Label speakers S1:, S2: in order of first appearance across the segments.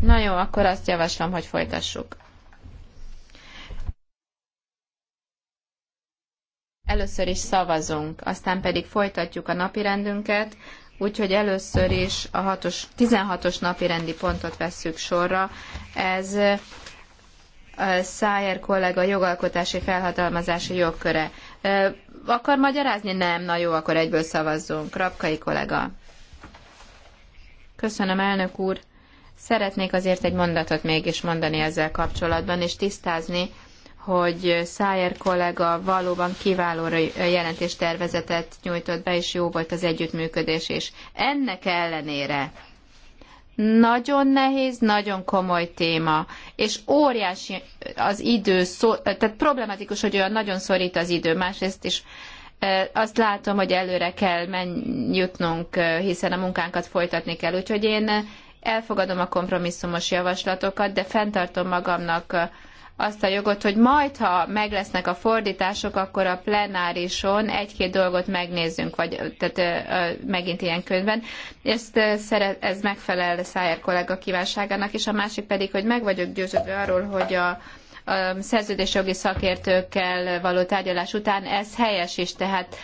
S1: Na jó, akkor azt javaslom, hogy folytassuk. Először is szavazunk, aztán pedig folytatjuk a napirendünket, úgyhogy először is a os 16-os napirendi pontot vesszük sorra. Ez Szájer kollega jogalkotási felhatalmazási jogköre. Akar magyarázni? Nem, na jó, akkor egyből szavazzunk. Rapkai kollega. Köszönöm, elnök úr. Szeretnék azért egy mondatot mégis mondani ezzel kapcsolatban, és tisztázni, hogy Szájer kollega valóban kiváló jelentéstervezetet nyújtott be, és jó volt az együttműködés is. Ennek ellenére nagyon nehéz, nagyon komoly téma, és óriási az idő, szó, tehát problematikus, hogy olyan nagyon szorít az idő, másrészt is azt látom, hogy előre kell menj, jutnunk, hiszen a munkánkat folytatni kell. Úgyhogy én elfogadom a kompromisszumos javaslatokat, de fenntartom magamnak azt a jogot, hogy majd, ha meglesznek a fordítások, akkor a plenárison egy-két dolgot megnézzünk, vagy tehát ö, ö, megint ilyen könyvben. Ezt ö, szeret, ez megfelel Szájer kollega kívánságának, és a másik pedig, hogy meg vagyok győződve arról, hogy a, a szerződésjogi szakértőkkel való tárgyalás után ez helyes is, tehát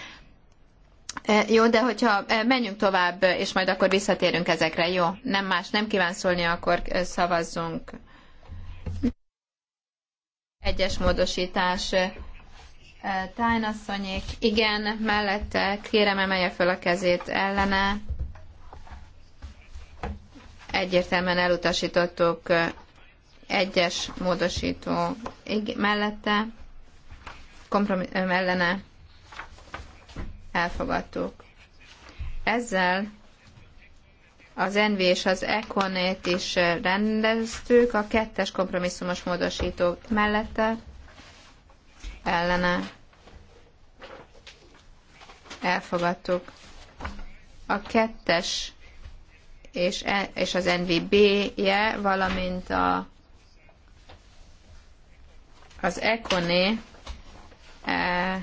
S1: e, jó, de hogyha e, menjünk tovább, és majd akkor visszatérünk ezekre, jó? Nem más, nem kíván szólni, akkor e, szavazzunk. Egyes módosítás. Tájnasszonyék, igen, mellette, kérem emelje föl a kezét ellene. Egyértelműen elutasítottuk egyes módosító mellette, kompromisszum ellene elfogadtuk. Ezzel az NV és az Econet is rendeztük, a kettes kompromisszumos módosító mellette ellene elfogadtuk. A kettes és, e- és az NVB-je, valamint a az Econé e,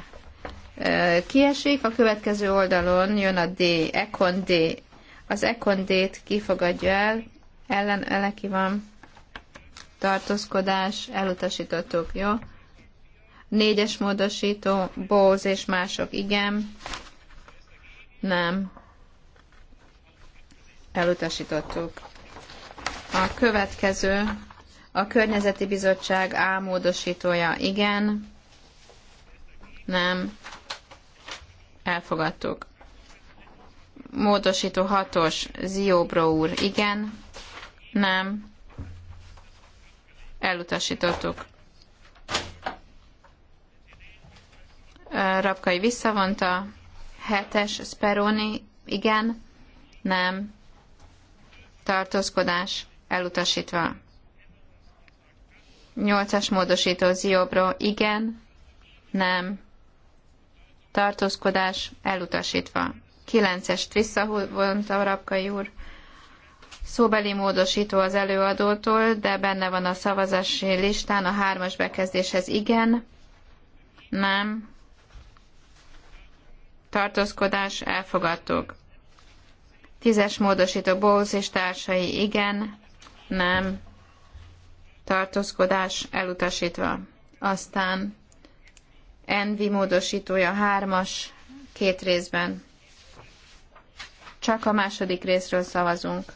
S1: e, kiesik, a következő oldalon jön a D, Econ D. Az Econ D-t kifogadja el, ellen eleki van tartózkodás, elutasítottuk, jó? Négyes módosító, Bóz és mások, igen. Nem. Elutasítottuk. A következő a környezeti bizottság A módosítója igen, nem, elfogadtuk. Módosító hatos, Ziobro úr, igen, nem, elutasítottuk. Rapkai visszavonta, hetes, Speroni, igen, nem, tartózkodás, elutasítva. Nyolcas módosító ziobró, igen, nem, tartózkodás elutasítva. Kilencest visszavont a rabkai úr. Szóbeli módosító az előadótól, de benne van a szavazási listán a hármas bekezdéshez igen, nem, tartózkodás elfogadtuk. Tízes módosító Bóz és társai igen, nem, tartózkodás elutasítva. Aztán Envi módosítója hármas két részben. Csak a második részről szavazunk.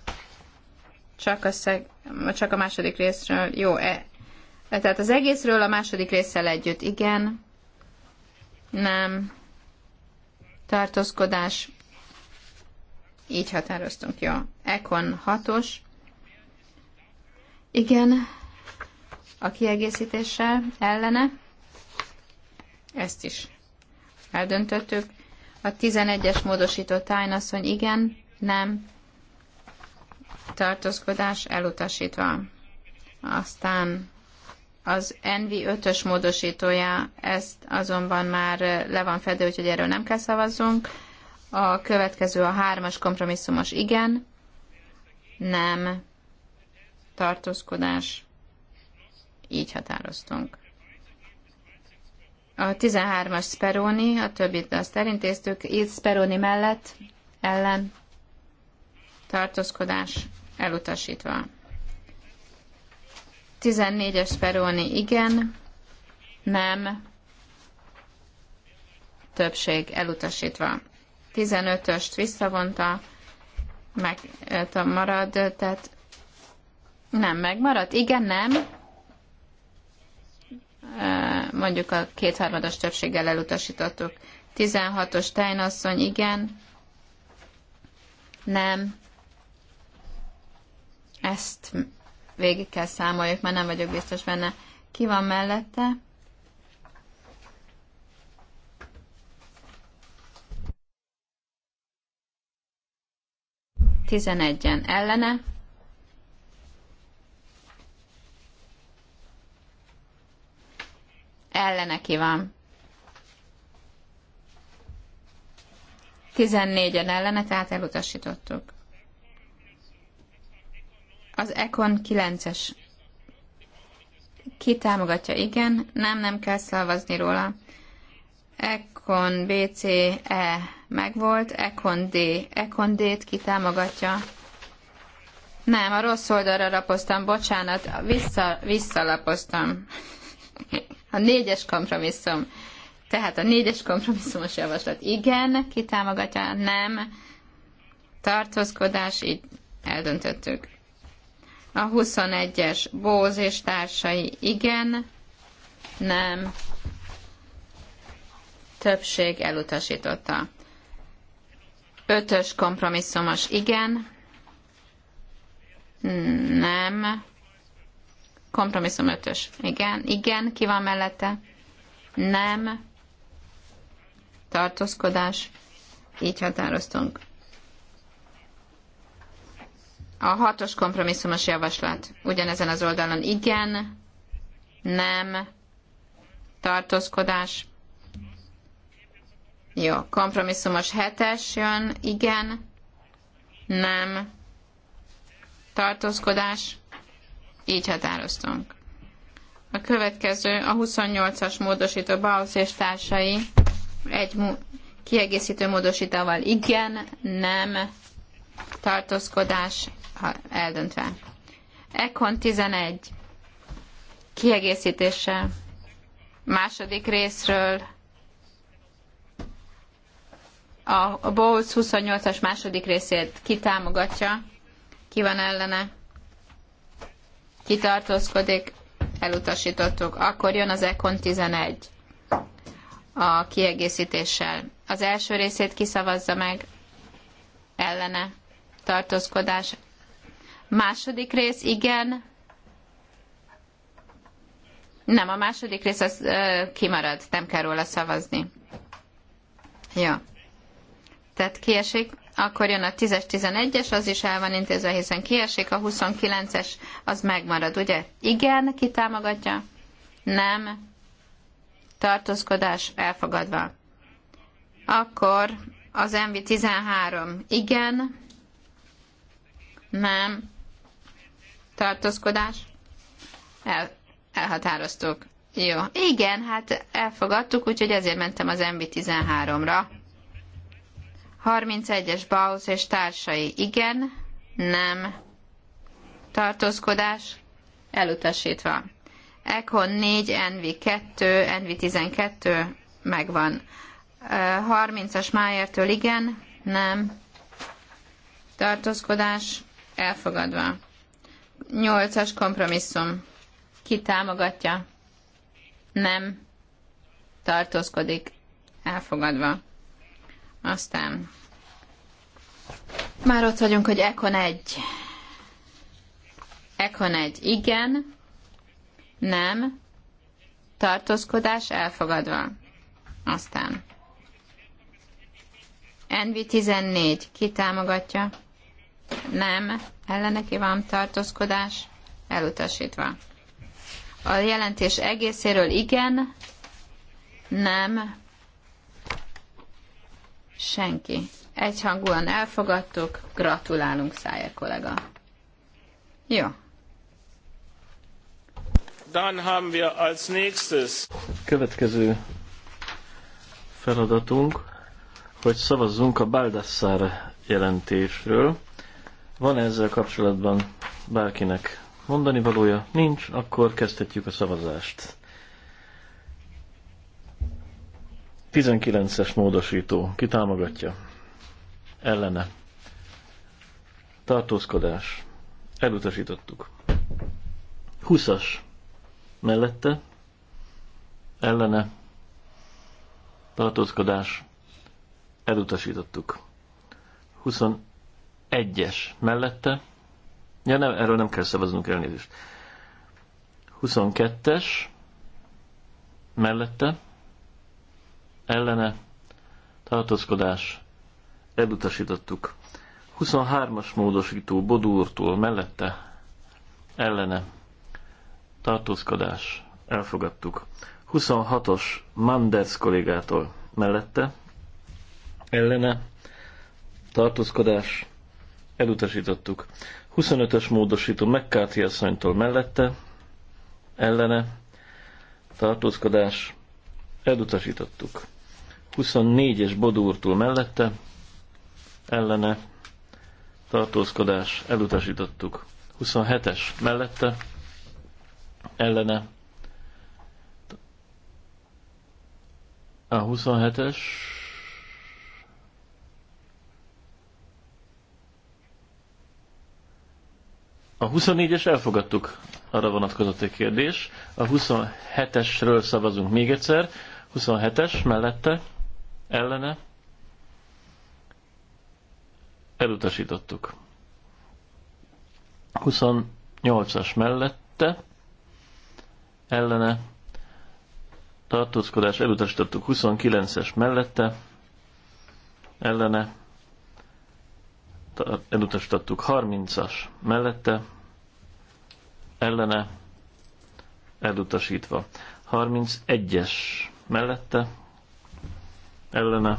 S1: Csak a, szeg, csak a második részről. Jó, e, e- tehát az egészről a második résszel együtt. Igen. Nem. Tartózkodás. Így határoztunk, jó. Ekon hatos. Igen, a kiegészítéssel ellene. Ezt is eldöntöttük. A 11-es módosító tájnasszony igen, nem, tartózkodás elutasítva. Aztán az NV 5-ös módosítója, ezt azonban már le van fedő, úgyhogy erről nem kell szavazzunk. A következő a 3-as kompromisszumos igen, nem, tartózkodás így határoztunk. A 13-as Speroni, a többit azt elintéztük, itt Speroni mellett ellen tartózkodás elutasítva. 14-es Speroni igen, nem, többség elutasítva. 15-öst visszavonta, meg eh, marad, tehát nem megmaradt, igen, nem, Eh, mondjuk a kétharmados többséggel elutasítottuk. 16-os Tájnasszony, igen, nem, ezt végig kell számoljuk, mert nem vagyok biztos benne. Ki van mellette? Tizenegyen ellene. ellene ki van. 14-en ellene, tehát elutasítottuk. Az Econ 9-es. Ki támogatja? Igen. Nem, nem kell szavazni róla. Econ BCE megvolt, Econ D. Econ D-t ki támogatja? Nem, a rossz oldalra lapoztam, bocsánat, vissza, visszalapoztam. A négyes kompromisszum. Tehát a négyes kompromisszumos javaslat. Igen, ki támogatja, nem. Tartózkodás, így eldöntöttük. A 21-es Bóz és társai, igen, nem. Többség elutasította. Ötös kompromisszumos, igen, nem Kompromisszum ötös. Igen, igen, ki van mellette? Nem. Tartózkodás. Így határoztunk. A hatos kompromisszumos javaslat. Ugyanezen az oldalon igen, nem, tartózkodás. Jó, kompromisszumos hetes jön, igen, nem, tartózkodás. Így határoztunk. A következő a 28-as módosító Bausz és társai egy kiegészítő módosítával igen, nem, tartózkodás eldöntve. Ekon 11 kiegészítése második részről a Bowles 28-as második részét kitámogatja, ki van ellene, kitartózkodik, elutasítottuk. Akkor jön az Econ 11 a kiegészítéssel. Az első részét kiszavazza meg ellene tartózkodás. Második rész, igen. Nem, a második rész az ö, kimarad, nem kell róla szavazni. Jó. Tehát kiesik akkor jön a 10-es, 11-es, az is el van intézve, hiszen kiesik, a 29-es az megmarad, ugye? Igen, ki támogatja? Nem. Tartózkodás elfogadva. Akkor az MV 13. Igen. Nem. Tartózkodás. El, elhatároztuk. Jó. Igen, hát elfogadtuk, úgyhogy ezért mentem az MV 13-ra. 31-es Bausz és társai igen, nem, tartózkodás, elutasítva. Econ 4, NV 2, NV 12, megvan. 30-as Májertől igen, nem, tartózkodás, elfogadva. 8-as kompromisszum. Ki támogatja? Nem. Tartózkodik. Elfogadva. Aztán már ott vagyunk, hogy Ekon egy. Ekon egy. Igen. Nem. Tartózkodás elfogadva. Aztán. NV14. Ki támogatja? Nem. Ellene van tartózkodás. Elutasítva. A jelentés egészéről igen. Nem. Senki. Egyhangúan elfogadtuk, gratulálunk Szájer kollega. Jó.
S2: Dann haben wir als nächstes. Következő feladatunk, hogy szavazzunk a Baldassar jelentésről. Van -e ezzel kapcsolatban bárkinek mondani valója? Nincs, akkor kezdhetjük a szavazást. 19-es módosító. Ki támogatja? ellene. Tartózkodás. Elutasítottuk. Huszas mellette ellene tartózkodás elutasítottuk. 21-es mellette, ja nem, erről nem kell szavaznunk elnézést. 22-es mellette ellene tartózkodás elutasítottuk. 23-as módosító Bodúrtól mellette ellene tartózkodás elfogadtuk. 26-os Manders kollégától mellette ellene tartózkodás elutasítottuk. 25-ös módosító McCarthy asszonytól mellette ellene tartózkodás elutasítottuk. 24-es Bodúrtól mellette ellene tartózkodás elutasítottuk. 27-es mellette ellene a 27-es A 24-es elfogadtuk, arra vonatkozott egy kérdés. A 27-esről szavazunk még egyszer. 27-es mellette, ellene, Elutasítottuk. 28-as mellette ellene tartózkodás elutasítottuk 29-es mellette, ellene elutasítottuk 30-as mellette, ellene elutasítva 31-es mellette, ellene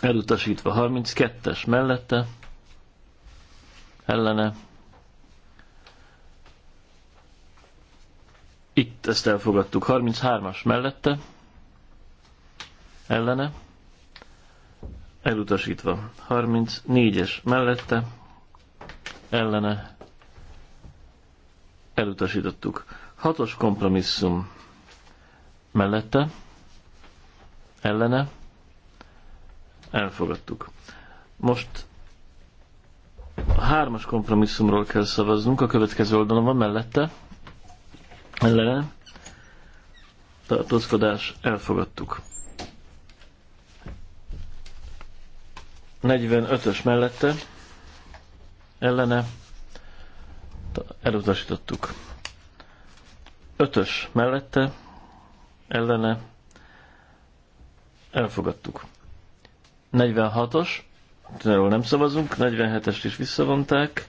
S2: elutasítva 32-es mellette, ellene. Itt ezt elfogadtuk 33-as mellette, ellene, elutasítva 34-es mellette, ellene, elutasítottuk. Hatos kompromisszum mellette, ellene, elfogadtuk. Most a hármas kompromisszumról kell szavaznunk, a következő oldalon van mellette, ellene, tartózkodás, elfogadtuk. 45-ös mellette, ellene, elutasítottuk. 5-ös mellette, ellene, elfogadtuk. 46-os, erről nem szavazunk, 47-est is visszavonták,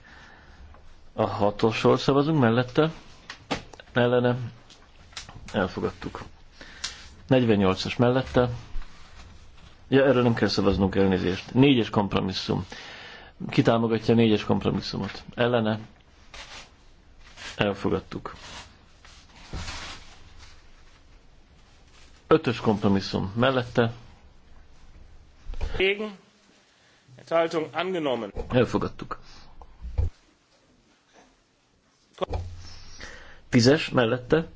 S2: a 6-osról szavazunk mellette, ellene, elfogadtuk. 48-as mellette, ja, erről nem kell szavaznunk elnézést, 4-es kompromisszum, kitámogatja a 4-es kompromisszumot, ellene, elfogadtuk. Ötös kompromisszum mellette, Gegen. Enthaltung angenommen. Elfogadtuk. Tízes mellette.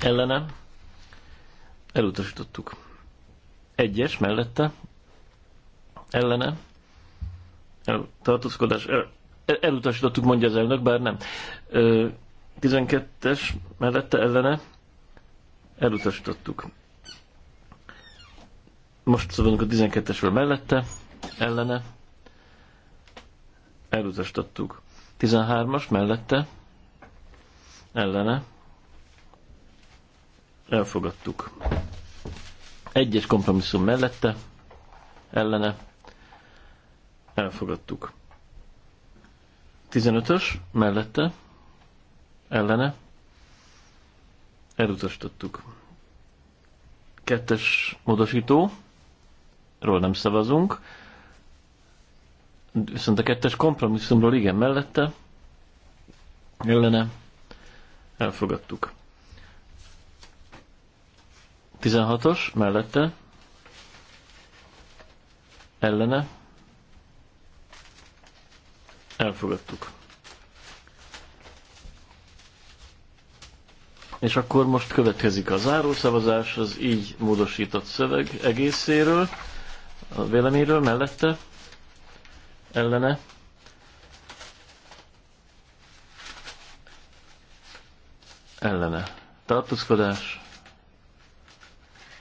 S2: Ellenem. Elutasítottuk. Egyes mellette. Ellenem. El, tartózkodás. El, elutasítottuk, mondja az elnök, bár nem. Ö, 12-es mellette ellene elutasítottuk. Most szabadunk a 12-esről mellette, ellene. Elutasítottuk. 13-as mellette, ellene. Elfogadtuk. Egyes kompromisszum mellette, ellene. Elfogadtuk. 15-ös mellette, ellene. Elutasítottuk. Kettes módosító ról nem szavazunk. Viszont a kettes kompromisszumról igen mellette. Ellene. Elfogadtuk. 16-os mellette. Ellene. Elfogadtuk. És akkor most következik a zárószavazás az így módosított szöveg egészéről a véleményről mellette, ellene. Ellene. Tartózkodás.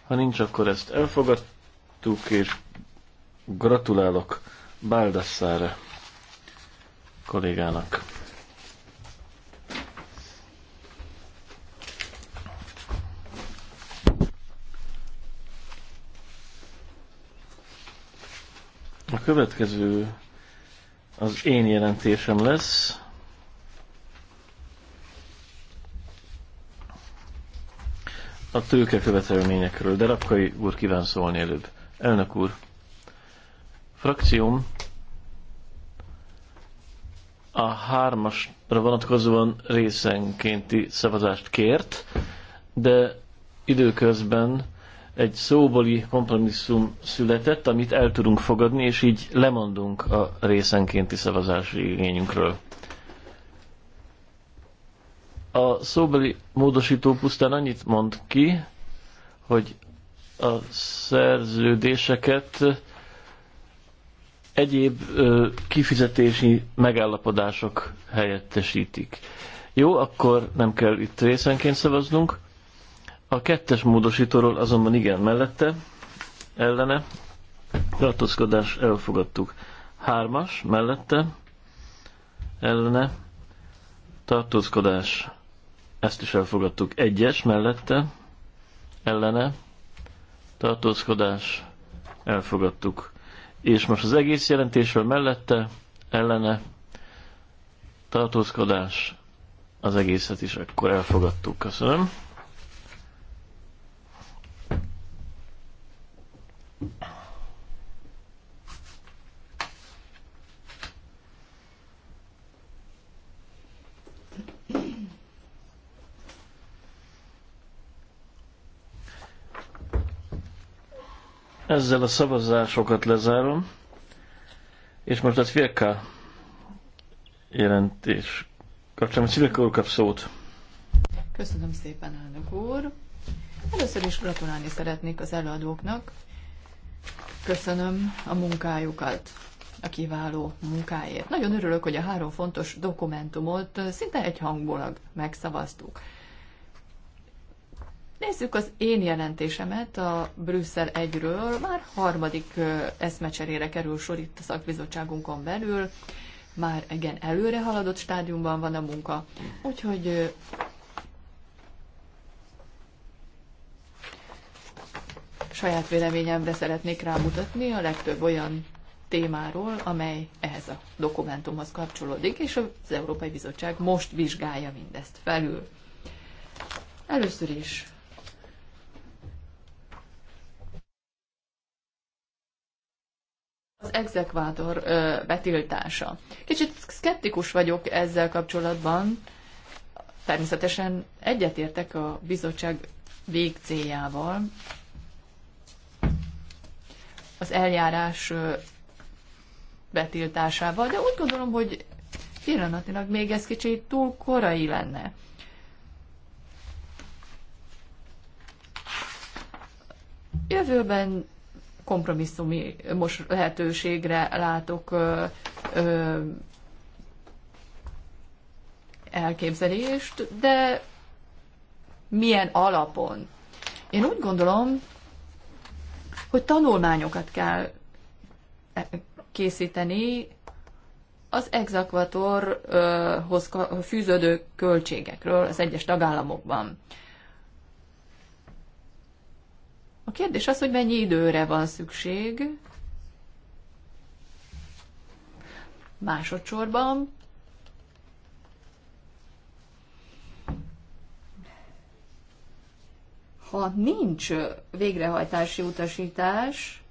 S2: Ha nincs, akkor ezt elfogadtuk, és gratulálok Báldasszára kollégának. következő az én jelentésem lesz. A tőke követelményekről, de Rapkai úr kíván szólni előbb. Elnök úr, frakcióm a hármasra vonatkozóan részenkénti szavazást kért, de időközben egy szóbeli kompromisszum született, amit el tudunk fogadni, és így lemondunk a részenkénti szavazási igényünkről. A szóbeli módosító pusztán annyit mond ki, hogy a szerződéseket egyéb kifizetési megállapodások helyettesítik. Jó, akkor nem kell itt részenként szavaznunk. A kettes módosítóról azonban igen mellette, ellene, tartózkodás elfogadtuk. Hármas mellette, ellene, tartózkodás, ezt is elfogadtuk. Egyes mellette, ellene, tartózkodás, elfogadtuk. És most az egész jelentésről mellette, ellene, tartózkodás, az egészet is akkor elfogadtuk. Köszönöm. Ezzel a szavazásokat lezárom, és most a hát Tvierka jelentés kapcsán a Csilek úr kap szót.
S3: Köszönöm szépen, elnök úr. Először is gratulálni szeretnék az előadóknak, Köszönöm a munkájukat, a kiváló munkáért. Nagyon örülök, hogy a három fontos dokumentumot szinte egy egyhangulag megszavaztuk. Nézzük az én jelentésemet a Brüsszel egyről. Már harmadik eszmecserére kerül sor itt a szakbizottságunkon belül. Már igen, előre haladott stádiumban van a munka, úgyhogy saját véleményemre szeretnék rámutatni a legtöbb olyan témáról, amely ehhez a dokumentumhoz kapcsolódik, és az Európai Bizottság most vizsgálja mindezt felül. Először is az exekvátor ö, betiltása. Kicsit szkeptikus vagyok ezzel kapcsolatban. Természetesen egyetértek a bizottság végcéljával, az eljárás betiltásával, de úgy gondolom, hogy pillanatilag még ez kicsit túl korai lenne. Jövőben kompromisszumi most lehetőségre látok ö, ö, elképzelést, de milyen alapon? Én úgy gondolom, hogy tanulmányokat kell e, készíteni az exakvatorhoz fűződő költségekről az egyes tagállamokban. A kérdés az, hogy mennyi időre van szükség. Másodszorban ha nincs végrehajtási utasítás,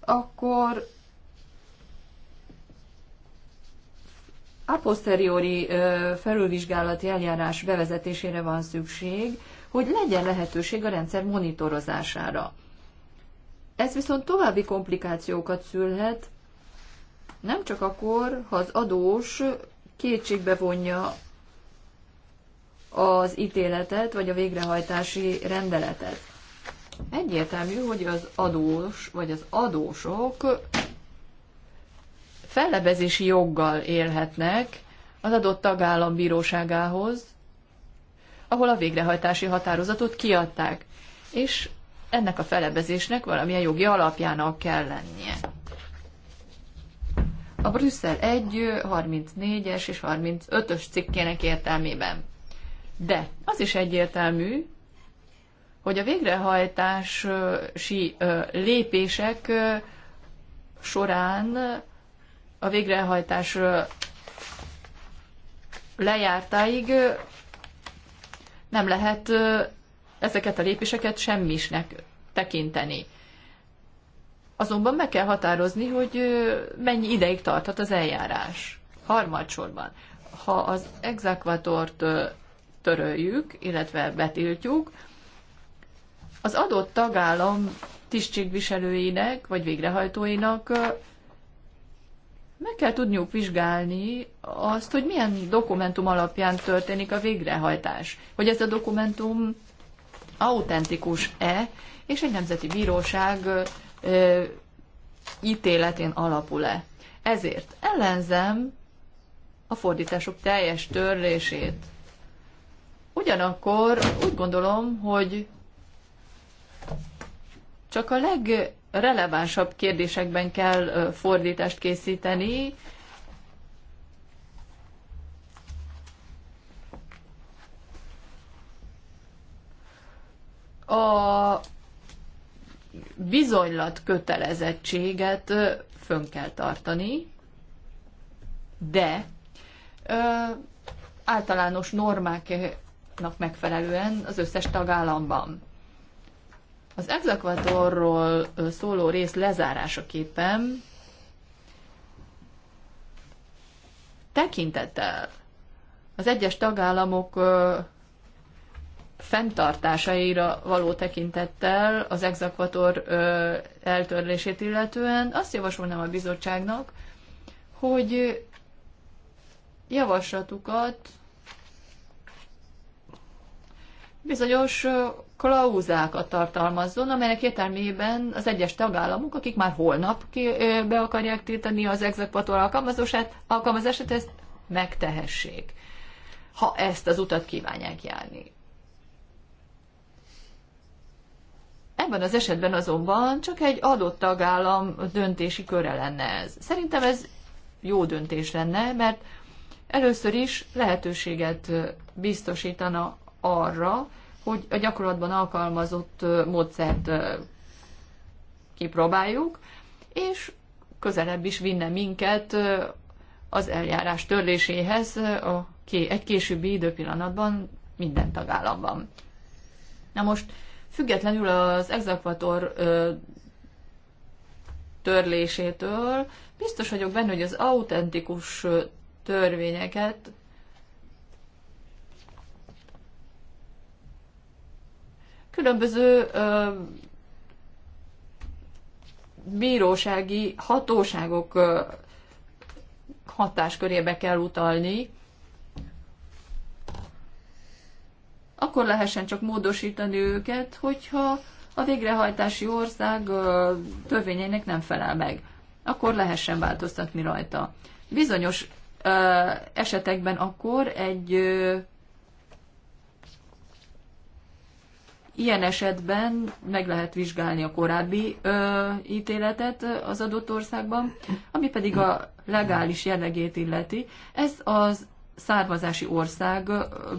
S3: akkor a posteriori felülvizsgálati eljárás bevezetésére van szükség, hogy legyen lehetőség a rendszer monitorozására. Ez viszont további komplikációkat szülhet, nem csak akkor, ha az adós kétségbe vonja az ítéletet, vagy a végrehajtási rendeletet. Egyértelmű, hogy az adós, vagy az adósok fellebezési joggal élhetnek az adott tagállam bíróságához, ahol a végrehajtási határozatot kiadták, és ennek a felebezésnek valamilyen jogi alapjának kell lennie. A Brüsszel 1, 34-es és 35-ös cikkének értelmében. De az is egyértelmű, hogy a végrehajtási lépések során a végrehajtás lejártáig nem lehet ezeket a lépéseket semmisnek tekinteni. Azonban meg kell határozni, hogy mennyi ideig tarthat az eljárás. Harmadsorban, ha az exekvatort töröljük, illetve betiltjuk, az adott tagállam tisztségviselőinek vagy végrehajtóinak meg kell tudniuk vizsgálni azt, hogy milyen dokumentum alapján történik a végrehajtás. Hogy ez a dokumentum autentikus-e, és egy nemzeti bíróság ö, ítéletén alapul-e. Ezért ellenzem a fordítások teljes törlését. Ugyanakkor úgy gondolom, hogy csak a legrelevánsabb kérdésekben kell fordítást készíteni, a bizonylat kötelezettséget fönn kell tartani, de általános normák szabályoknak megfelelően az összes tagállamban. Az exekvatorról szóló rész lezárásaképpen tekintettel az egyes tagállamok fenntartásaira való tekintettel az exekvator eltörlését illetően azt javasolnám a bizottságnak, hogy javaslatukat bizonyos klauzákat tartalmazzon, amelyek értelmében az egyes tagállamok, akik már holnap ki, be akarják tiltani az exekvator alkalmazását, alkalmazását, ezt megtehessék, ha ezt az utat kívánják járni. Ebben az esetben azonban csak egy adott tagállam döntési köre lenne ez. Szerintem ez jó döntés lenne, mert először is lehetőséget biztosítana arra, hogy a gyakorlatban alkalmazott módszert kipróbáljuk, és közelebb is vinne minket az eljárás törléséhez a egy későbbi időpillanatban minden tagállamban. Na most függetlenül az exekvator törlésétől biztos vagyok benne, hogy az autentikus törvényeket különböző ö, bírósági hatóságok ö, hatáskörébe kell utalni, akkor lehessen csak módosítani őket, hogyha a végrehajtási ország ö, törvényeinek nem felel meg. Akkor lehessen változtatni rajta. Bizonyos ö, esetekben akkor egy Ilyen esetben meg lehet vizsgálni a korábbi ö, ítéletet az adott országban, ami pedig a legális jellegét illeti. Ez az származási ország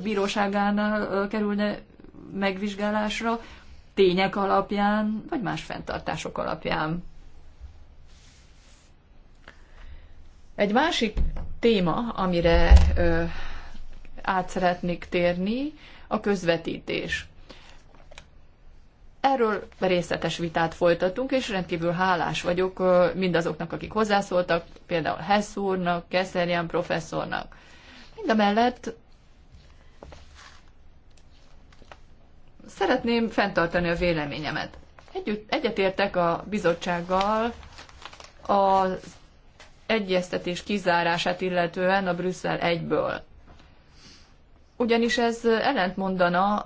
S3: bíróságánál kerülne megvizsgálásra, tények alapján, vagy más fenntartások alapján. Egy másik téma, amire ö, át szeretnék térni, a közvetítés. Erről részletes vitát folytatunk, és rendkívül hálás vagyok mindazoknak, akik hozzászóltak, például Hess úrnak, Keszerian professzornak. mellett szeretném fenntartani a véleményemet. Együtt, egyetértek a bizottsággal az egyeztetés kizárását illetően a Brüsszel egyből. Ugyanis ez ellentmondana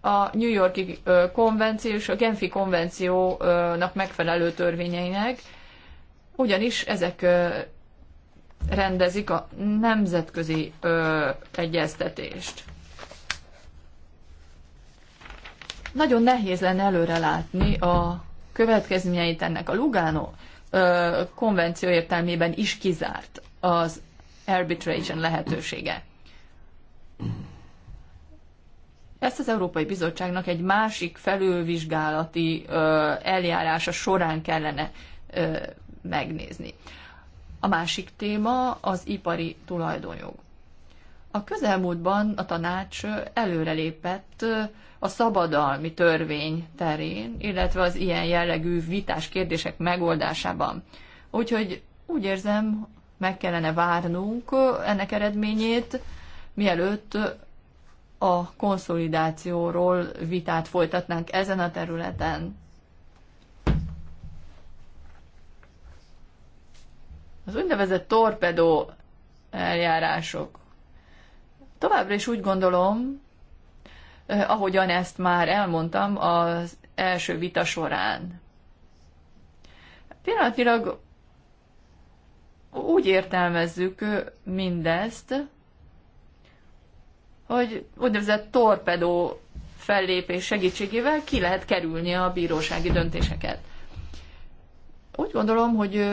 S3: a New Yorki konvenció és a Genfi konvenciónak megfelelő törvényeinek, ugyanis ezek rendezik a nemzetközi egyeztetést. Nagyon nehéz lenne előrelátni a következményeit ennek a Lugano konvenció értelmében is kizárt az arbitration lehetősége. Ezt az Európai Bizottságnak egy másik felülvizsgálati eljárása során kellene megnézni. A másik téma az ipari tulajdonjog. A közelmúltban a tanács előrelépett a szabadalmi törvény terén, illetve az ilyen jellegű vitás kérdések megoldásában. Úgyhogy úgy érzem, meg kellene várnunk ennek eredményét, mielőtt a konszolidációról vitát folytatnánk ezen a területen. Az úgynevezett torpedó eljárások. Továbbra is úgy gondolom, eh, ahogyan ezt már elmondtam az első vita során. Pillanatilag úgy értelmezzük mindezt, hogy úgynevezett torpedó fellépés segítségével ki lehet kerülni a bírósági döntéseket. Úgy gondolom, hogy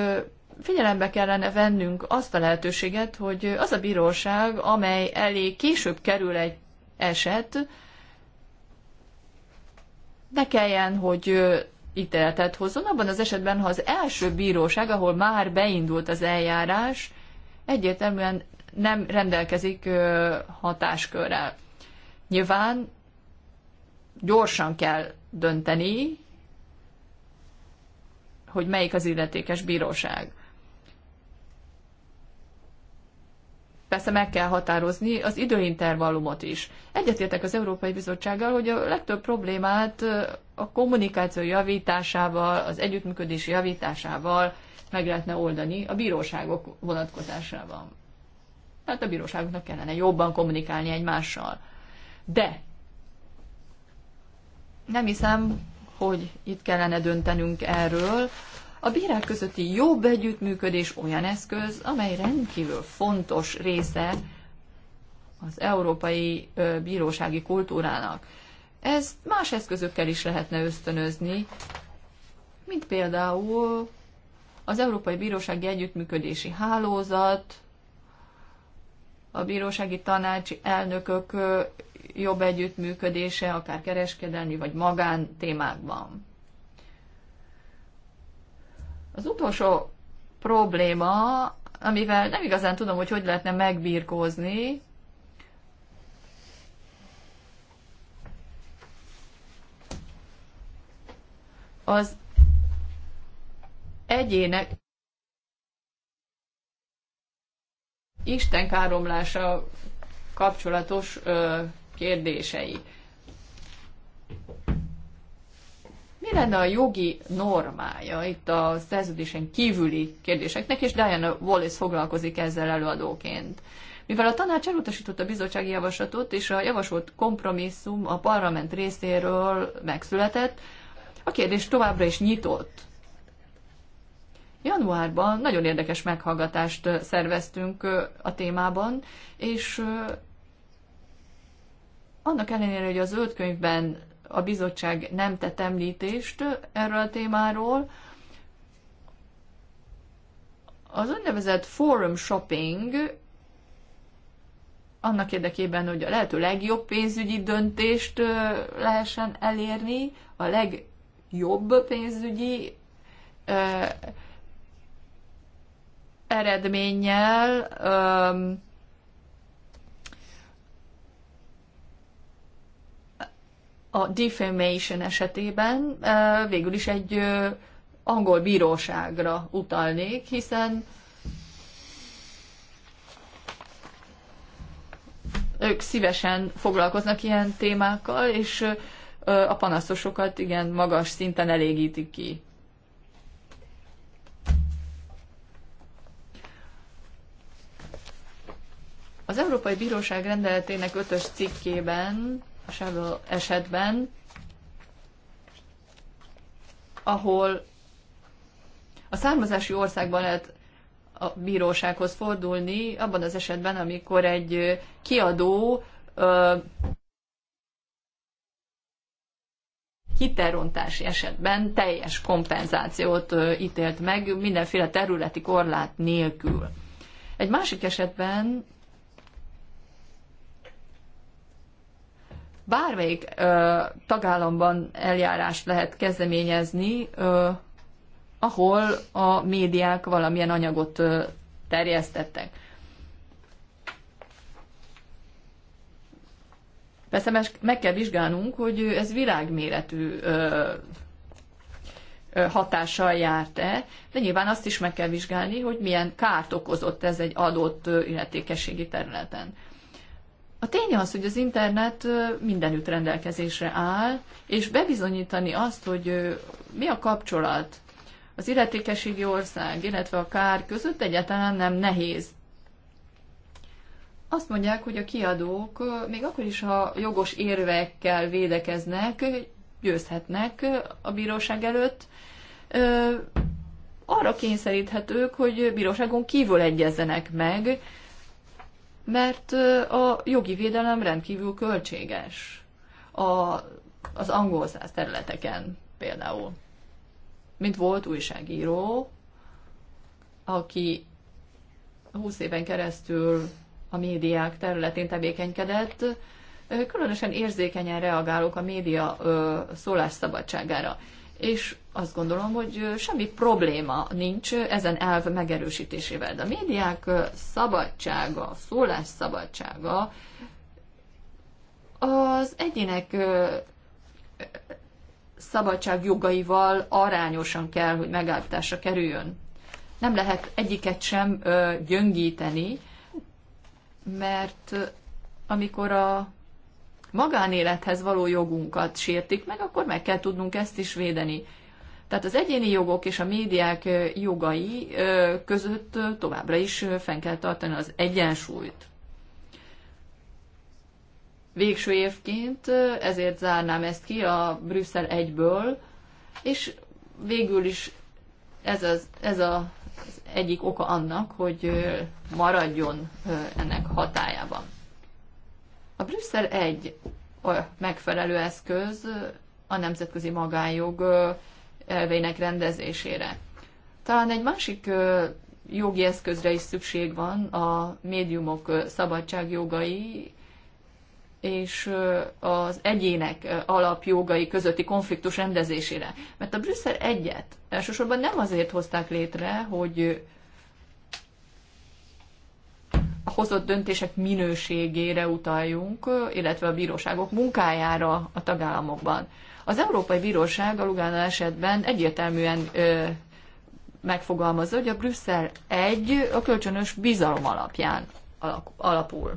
S3: figyelembe kellene vennünk azt a lehetőséget, hogy az a bíróság, amely elé később kerül egy eset, ne kelljen, hogy ítéletet hozzon, abban az esetben, ha az első bíróság, ahol már beindult az eljárás, egyértelműen nem rendelkezik hatáskörrel. Nyilván gyorsan kell dönteni, hogy melyik az illetékes bíróság. Persze meg kell határozni az időintervallumot is. Egyetértek az Európai Bizottsággal, hogy a legtöbb problémát a kommunikáció javításával, az együttműködés javításával meg lehetne oldani a bíróságok vonatkozásában. Tehát a bíróságoknak kellene jobban kommunikálni egymással. De nem hiszem, hogy itt kellene döntenünk erről. A bírák közötti jobb együttműködés olyan eszköz, amely rendkívül fontos része az európai bírósági kultúrának. Ezt más eszközökkel is lehetne ösztönözni, mint például az Európai Bírósági Együttműködési Hálózat, a bírósági tanács elnökök jobb együttműködése, akár kereskedelmi vagy magán témákban. Az utolsó probléma, amivel nem igazán tudom, hogy hogy lehetne megbírkózni, az egyének Isten káromlása kapcsolatos ö, kérdései. Mi lenne a jogi normája itt a szerződésen kívüli kérdéseknek, és Diana Wallace foglalkozik ezzel előadóként. Mivel a tanács elutasította a bizottsági javaslatot, és a javasolt kompromisszum a parlament részéről megszületett, a kérdés továbbra is nyitott. Januárban nagyon érdekes meghallgatást szerveztünk a témában, és annak ellenére, hogy az zöld könyvben a bizottság nem tett említést erről a témáról, az úgynevezett forum shopping annak érdekében, hogy a lehető legjobb pénzügyi döntést lehessen elérni, a legjobb pénzügyi eredménnyel um, a defamation esetében uh, végül is egy uh, angol bíróságra utalnék, hiszen ők szívesen foglalkoznak ilyen témákkal, és a panaszosokat igen magas szinten elégítik ki. Az Európai Bíróság rendeletének ötös cikkében, a Sávol esetben, ahol a származási országban lehet a bírósághoz fordulni, abban az esetben, amikor egy kiadó hitelrontási esetben teljes kompenzációt ítélt meg, mindenféle területi korlát nélkül. Egy másik esetben bármelyik ö, tagállamban eljárást lehet kezdeményezni, ö, ahol a médiák valamilyen anyagot ö, terjesztettek. Persze meg kell vizsgálnunk, hogy ez világméretű ö, hatással járt-e, de nyilván azt is meg kell vizsgálni, hogy milyen kárt okozott ez egy adott illetékességi területen. A tény az, hogy az internet mindenütt rendelkezésre áll, és bebizonyítani azt, hogy mi a kapcsolat az illetékeségi ország, illetve a kár között egyáltalán nem nehéz. Azt mondják, hogy a kiadók, még akkor is, ha jogos érvekkel védekeznek, győzhetnek a bíróság előtt, arra kényszeríthetők, hogy bíróságon kívül egyezzenek meg, mert a jogi védelem rendkívül költséges a, az angol száz területeken például. Mint volt újságíró, aki 20 éven keresztül a médiák területén tevékenykedett, különösen érzékenyen reagálok a média szólásszabadságára. És azt gondolom, hogy semmi probléma nincs ezen elv megerősítésével. De a médiák szabadsága, szabadsága, az egyének jogaival arányosan kell, hogy megállításra kerüljön. Nem lehet egyiket sem gyöngíteni, mert amikor a magánélethez való jogunkat sértik meg, akkor meg kell tudnunk ezt is védeni. Tehát az egyéni jogok és a médiák jogai között továbbra is fenn kell tartani az egyensúlyt. Végső évként ezért zárnám ezt ki a Brüsszel egyből, és végül is ez az, ez az egyik oka annak, hogy maradjon ennek hatájában. A Brüsszel egy megfelelő eszköz a nemzetközi magánjog elveinek rendezésére. Talán egy másik jogi eszközre is szükség van, a médiumok szabadságjogai és az egyének alapjogai közötti konfliktus rendezésére. Mert a Brüsszel egyet elsősorban nem azért hozták létre, hogy a hozott döntések minőségére utaljunk, illetve a bíróságok munkájára a tagállamokban, az Európai Bíróság a Lugano esetben egyértelműen ö, megfogalmazza, hogy a Brüsszel egy a kölcsönös bizalom alapján alapul.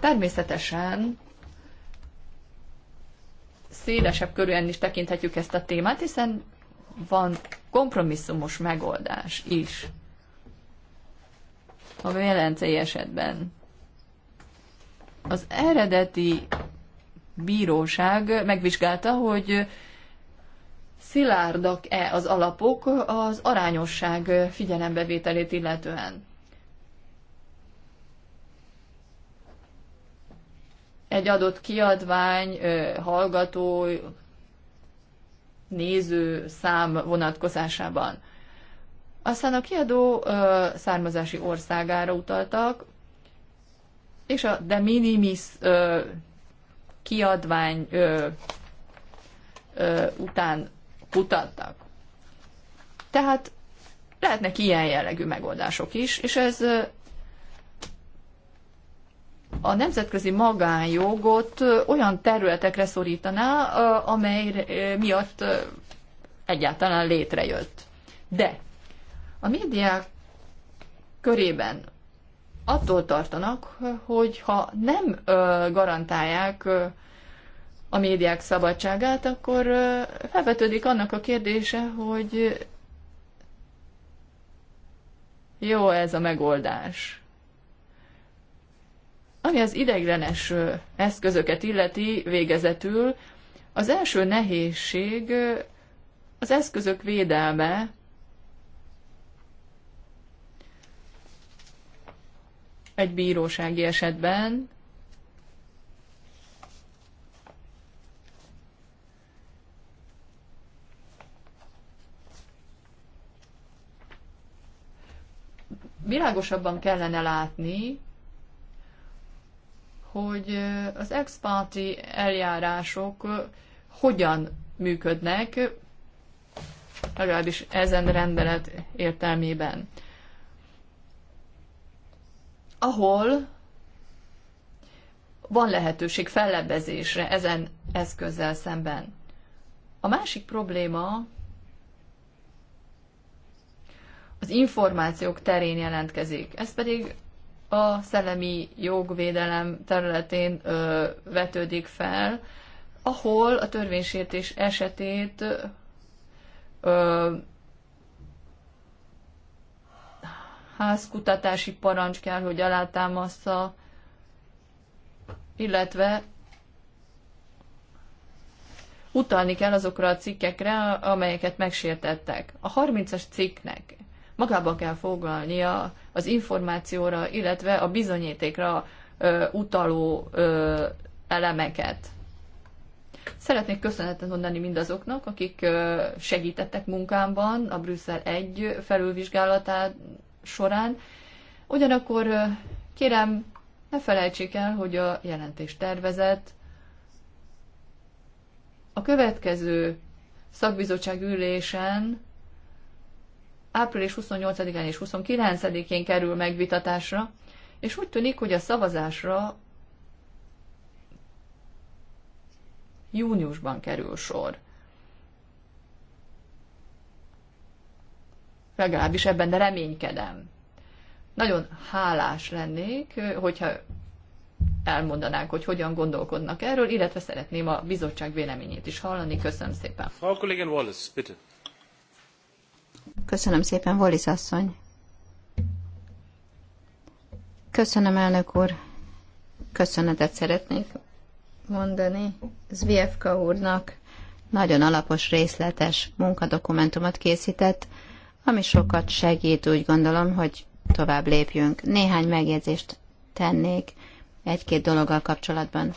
S3: Természetesen szélesebb körülön is tekinthetjük ezt a témát, hiszen van kompromisszumos megoldás is a velencei esetben. Az eredeti bíróság megvizsgálta, hogy szilárdak-e az alapok az arányosság figyelembevételét illetően. Egy adott kiadvány, hallgató, néző szám vonatkozásában. Aztán a kiadó ö, származási országára utaltak, és a de minimis ö, kiadvány ö, ö, után kutattak. Tehát lehetnek ilyen jellegű megoldások is, és ez a nemzetközi magánjogot olyan területekre szorítaná, amely miatt egyáltalán létrejött. De a médiák körében attól tartanak, hogy ha nem garantálják a médiák szabadságát, akkor felvetődik annak a kérdése, hogy jó ez a megoldás. Ami az ideiglenes eszközöket illeti végezetül, az első nehézség az eszközök védelme, egy bírósági esetben, világosabban kellene látni, hogy az expáti eljárások hogyan működnek, legalábbis ezen rendelet értelmében ahol van lehetőség fellebbezésre ezen eszközzel szemben. A másik probléma az információk terén jelentkezik. Ez pedig a szellemi jogvédelem területén ö, vetődik fel, ahol a törvénysértés esetét ö, házkutatási parancs kell, hogy alátámaszza, illetve utalni kell azokra a cikkekre, amelyeket megsértettek. A 30-as cikknek magába kell foglalnia az információra, illetve a bizonyítékra ö, utaló ö, elemeket. Szeretnék köszönetet mondani mindazoknak, akik segítettek munkámban a Brüsszel 1 felülvizsgálatát során. Ugyanakkor kérem, ne felejtsék el, hogy a jelentés tervezet a következő szakbizottság ülésen április 28-án és 29-én kerül megvitatásra, és úgy tűnik, hogy a szavazásra júniusban kerül sor. legalábbis ebben reménykedem. Nagyon hálás lennék, hogyha elmondanák, hogy hogyan gondolkodnak erről, illetve szeretném a bizottság véleményét is hallani. Köszönöm szépen. Frau Wallace,
S1: bitte. Köszönöm szépen, Wallis asszony. Köszönöm, elnök úr. Köszönetet szeretnék mondani Zviefka úrnak. Nagyon alapos, részletes munkadokumentumot készített, ami sokat segít, úgy gondolom, hogy tovább lépjünk. Néhány megjegyzést tennék egy-két dologgal kapcsolatban.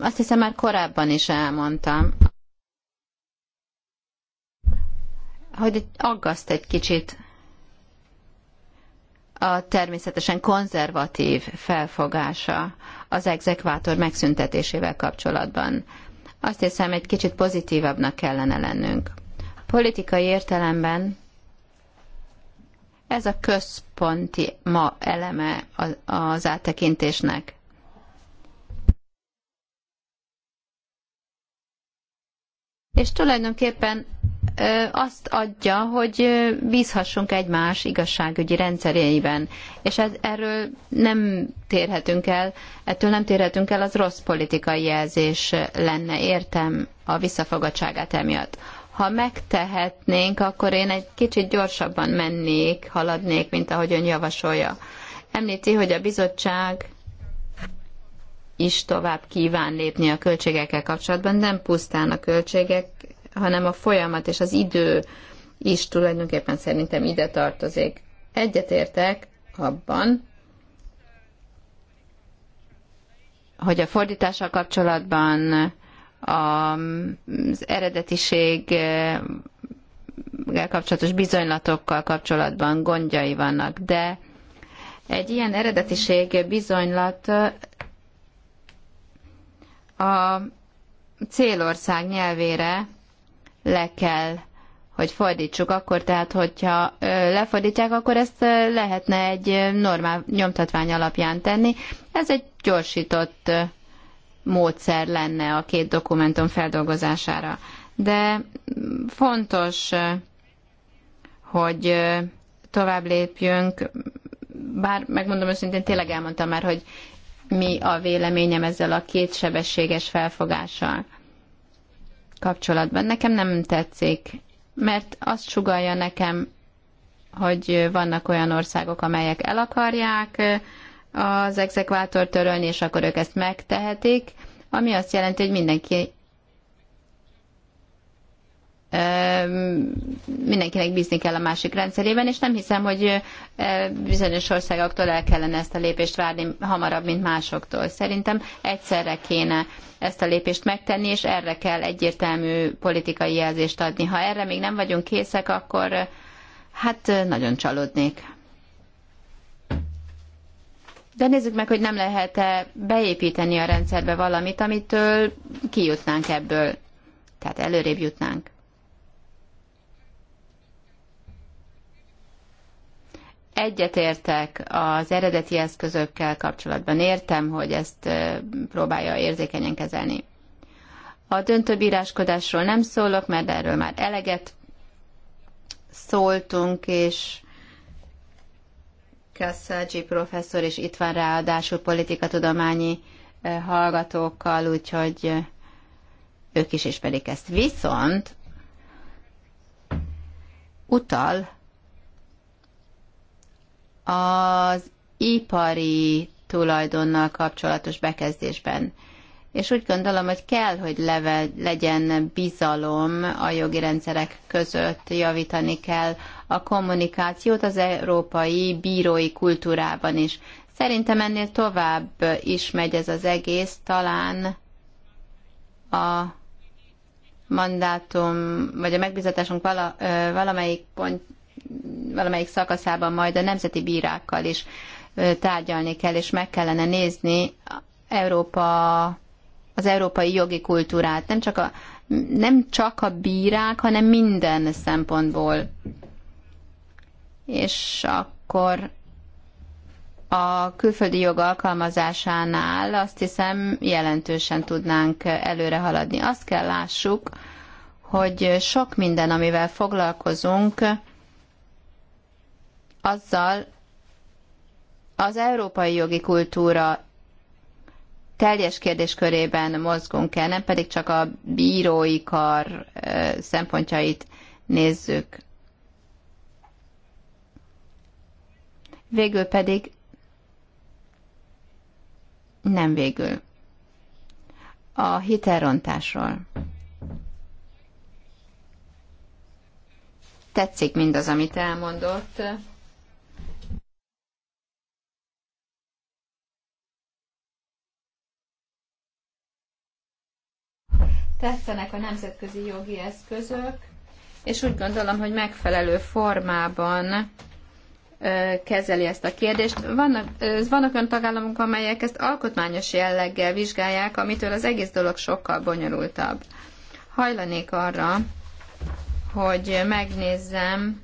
S1: Azt hiszem már korábban is elmondtam, hogy aggaszt egy kicsit a természetesen konzervatív felfogása az exekvátor megszüntetésével kapcsolatban. Azt hiszem, egy kicsit pozitívabbnak kellene lennünk. Politikai értelemben ez a központi ma eleme az áttekintésnek. És tulajdonképpen azt adja, hogy bízhassunk egymás igazságügyi rendszereiben. És ez, erről nem térhetünk el, ettől nem térhetünk el, az rossz politikai jelzés lenne, értem a visszafogottságát emiatt. Ha megtehetnénk, akkor én egy kicsit gyorsabban mennék, haladnék, mint ahogy ön javasolja. Említi, hogy a bizottság is tovább kíván lépni a költségekkel kapcsolatban, nem pusztán a költségek, hanem a folyamat és az idő is tulajdonképpen szerintem ide tartozik. Egyetértek abban, hogy a fordítással kapcsolatban az eredetiség kapcsolatos bizonylatokkal kapcsolatban gondjai vannak, de egy ilyen eredetiség bizonylat a célország nyelvére le kell, hogy fordítsuk. Akkor tehát, hogyha lefordítják, akkor ezt lehetne egy normál nyomtatvány alapján tenni. Ez egy gyorsított módszer lenne a két dokumentum feldolgozására. De fontos, hogy tovább lépjünk, bár megmondom őszintén, tényleg elmondtam már, hogy mi a véleményem ezzel a kétsebességes felfogással kapcsolatban. Nekem nem tetszik, mert azt sugalja nekem, hogy vannak olyan országok, amelyek el akarják az exekvátor törölni, és akkor ők ezt megtehetik, ami azt jelenti, hogy mindenki mindenkinek bízni kell a másik rendszerében, és nem hiszem, hogy bizonyos országoktól el kellene ezt a lépést várni hamarabb, mint másoktól. Szerintem egyszerre kéne ezt a lépést megtenni, és erre kell egyértelmű politikai jelzést adni. Ha erre még nem vagyunk készek, akkor hát nagyon csalódnék. De nézzük meg, hogy nem lehet-e beépíteni a rendszerbe valamit, amitől kijutnánk ebből. Tehát előrébb jutnánk. Egyetértek az eredeti eszközökkel kapcsolatban. Értem, hogy ezt próbálja érzékenyen kezelni. A döntőbíráskodásról nem szólok, mert erről már eleget szóltunk, és Kasszágyi professzor, és itt van ráadásul politikatudományi eh, hallgatókkal, úgyhogy eh, ők is ismerik ezt. Viszont utal az ipari tulajdonnal kapcsolatos bekezdésben. És úgy gondolom, hogy kell, hogy leve, legyen bizalom a jogi rendszerek között, javítani kell a kommunikációt az európai bírói kultúrában is. Szerintem ennél tovább is megy ez az egész, talán a mandátum, vagy a megbizatásunk vala, valamelyik pont, valamelyik szakaszában majd a nemzeti bírákkal is tárgyalni kell, és meg kellene nézni Európa, az európai jogi kultúrát, nem csak a, nem csak a bírák, hanem minden szempontból és akkor a külföldi jog alkalmazásánál azt hiszem jelentősen tudnánk előre haladni. Azt kell lássuk, hogy sok minden, amivel foglalkozunk, azzal az európai jogi kultúra teljes kérdéskörében mozgunk el, nem pedig csak a bírói kar szempontjait nézzük. végül pedig nem végül. A hitelrontásról. Tetszik mindaz, amit elmondott. tetszenek a nemzetközi jogi eszközök, és úgy gondolom, hogy megfelelő formában kezeli ezt a kérdést. Vannak, vannak olyan tagállamok, amelyek ezt alkotmányos jelleggel vizsgálják, amitől az egész dolog sokkal bonyolultabb. Hajlanék arra, hogy megnézzem,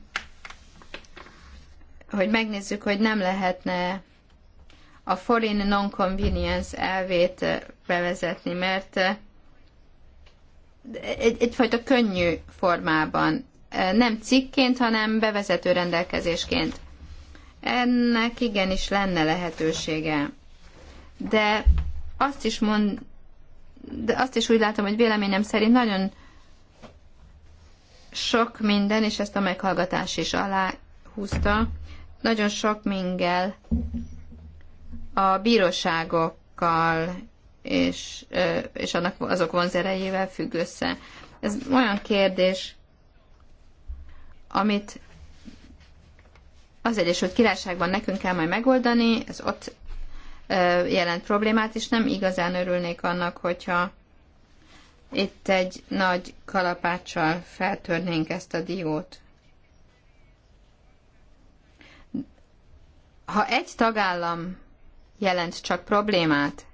S1: hogy megnézzük, hogy nem lehetne a foreign non-convenience elvét bevezetni, mert egy, egyfajta könnyű formában, nem cikként, hanem bevezető rendelkezésként. Ennek igenis lenne lehetősége. De azt is mond, de azt is úgy látom, hogy véleményem szerint nagyon sok minden, és ezt a meghallgatás is aláhúzta, nagyon sok mingel a bíróságokkal és, és annak, azok vonzerejével függ össze. Ez olyan kérdés, amit az Egyesült Királyságban nekünk kell majd megoldani, ez ott jelent problémát, és nem igazán örülnék annak, hogyha itt egy nagy kalapáccsal feltörnénk ezt a diót. Ha egy tagállam jelent csak problémát,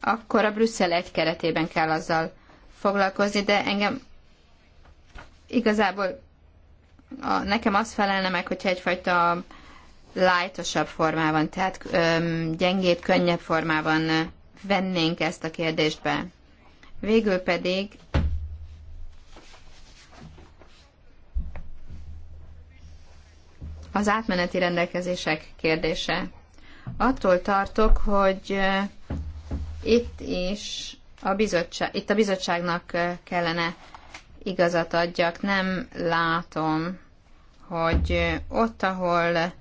S1: akkor a Brüsszel egy keretében kell azzal foglalkozni, de engem igazából a, nekem azt felelne meg, hogyha egyfajta lájtosabb formában, tehát öm, gyengébb, könnyebb formában vennénk ezt a kérdést be. Végül pedig az átmeneti rendelkezések kérdése. Attól tartok, hogy itt is a bizottság, itt a bizottságnak kellene igazat adjak, nem látom, hogy ott, ahol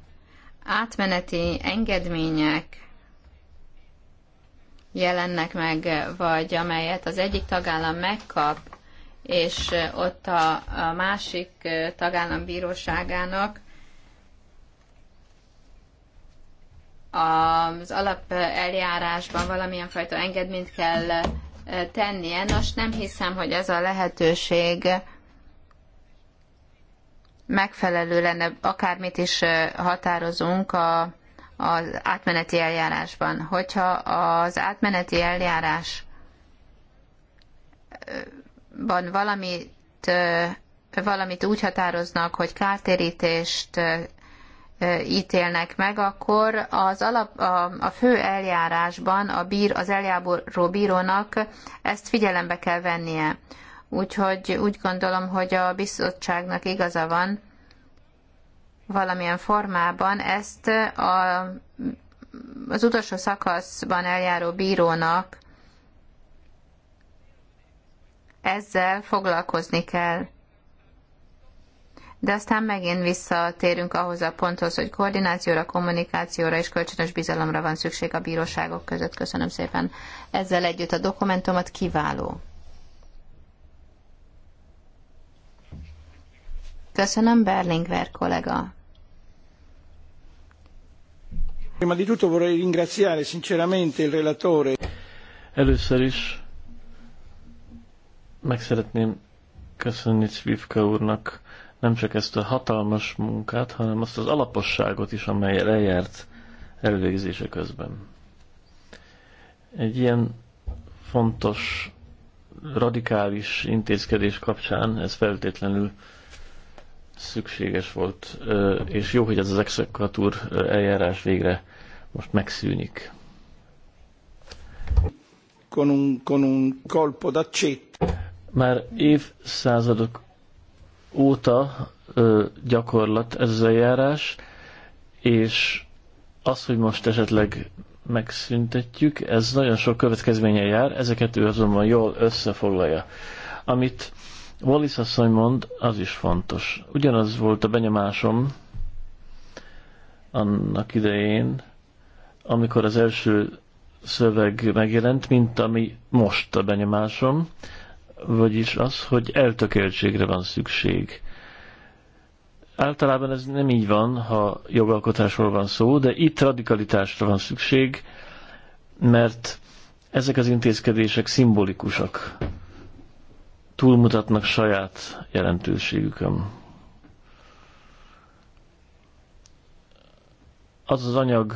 S1: átmeneti engedmények jelennek meg, vagy amelyet az egyik tagállam megkap, és ott a, a másik tagállam bíróságának az alapeljárásban valamilyen fajta engedményt kell tennie. Nos, nem hiszem, hogy ez a lehetőség megfelelő lenne, akármit is határozunk a, az átmeneti eljárásban. Hogyha az átmeneti eljárásban valamit, valamit úgy határoznak, hogy kártérítést ítélnek meg, akkor az alap, a, a fő eljárásban a bír, az eljáró bírónak ezt figyelembe kell vennie. Úgyhogy úgy gondolom, hogy a bizottságnak igaza van, valamilyen formában ezt a, az utolsó szakaszban eljáró bírónak ezzel foglalkozni kell de aztán megint visszatérünk ahhoz a ponthoz, hogy koordinációra, kommunikációra és kölcsönös bizalomra van szükség a bíróságok között. Köszönöm szépen. Ezzel együtt a dokumentumot kiváló. Köszönöm, Berlingver kollega.
S2: Prima di tutto vorrei ringraziare sinceramente il relatore. Először is meg szeretném köszönni Cvivka úrnak nem csak ezt a hatalmas munkát, hanem azt az alaposságot is, amely eljárt elvégzése közben. Egy ilyen fontos, radikális intézkedés kapcsán ez feltétlenül szükséges volt, és jó, hogy ez az exekvatúr eljárás végre most megszűnik.
S3: Con un, con un colpo
S2: Már évszázadok óta ö, gyakorlat ez az eljárás, és az, hogy most esetleg megszüntetjük, ez nagyon sok következménye jár, ezeket ő azonban jól összefoglalja. Amit Wallis asszony mond, az is fontos. Ugyanaz volt a benyomásom annak idején, amikor az első szöveg megjelent, mint ami most a benyomásom, vagyis az, hogy eltökéltségre van szükség. Általában ez nem így van, ha jogalkotásról van szó, de itt radikalitásra van szükség, mert ezek az intézkedések szimbolikusak, túlmutatnak saját jelentőségükön. Az az anyag,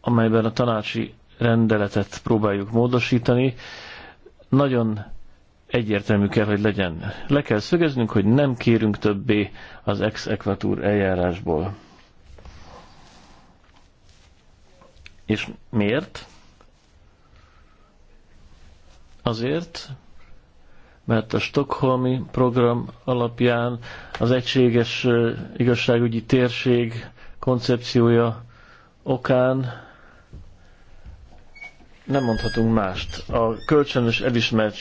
S2: amelyben a tanácsi rendeletet próbáljuk módosítani, nagyon egyértelmű kell, hogy legyen. Le kell szögeznünk, hogy nem kérünk többé az ex equatur eljárásból. És miért? Azért, mert a Stockholmi program alapján az egységes igazságügyi térség koncepciója okán nem mondhatunk mást. A kölcsönös elismert,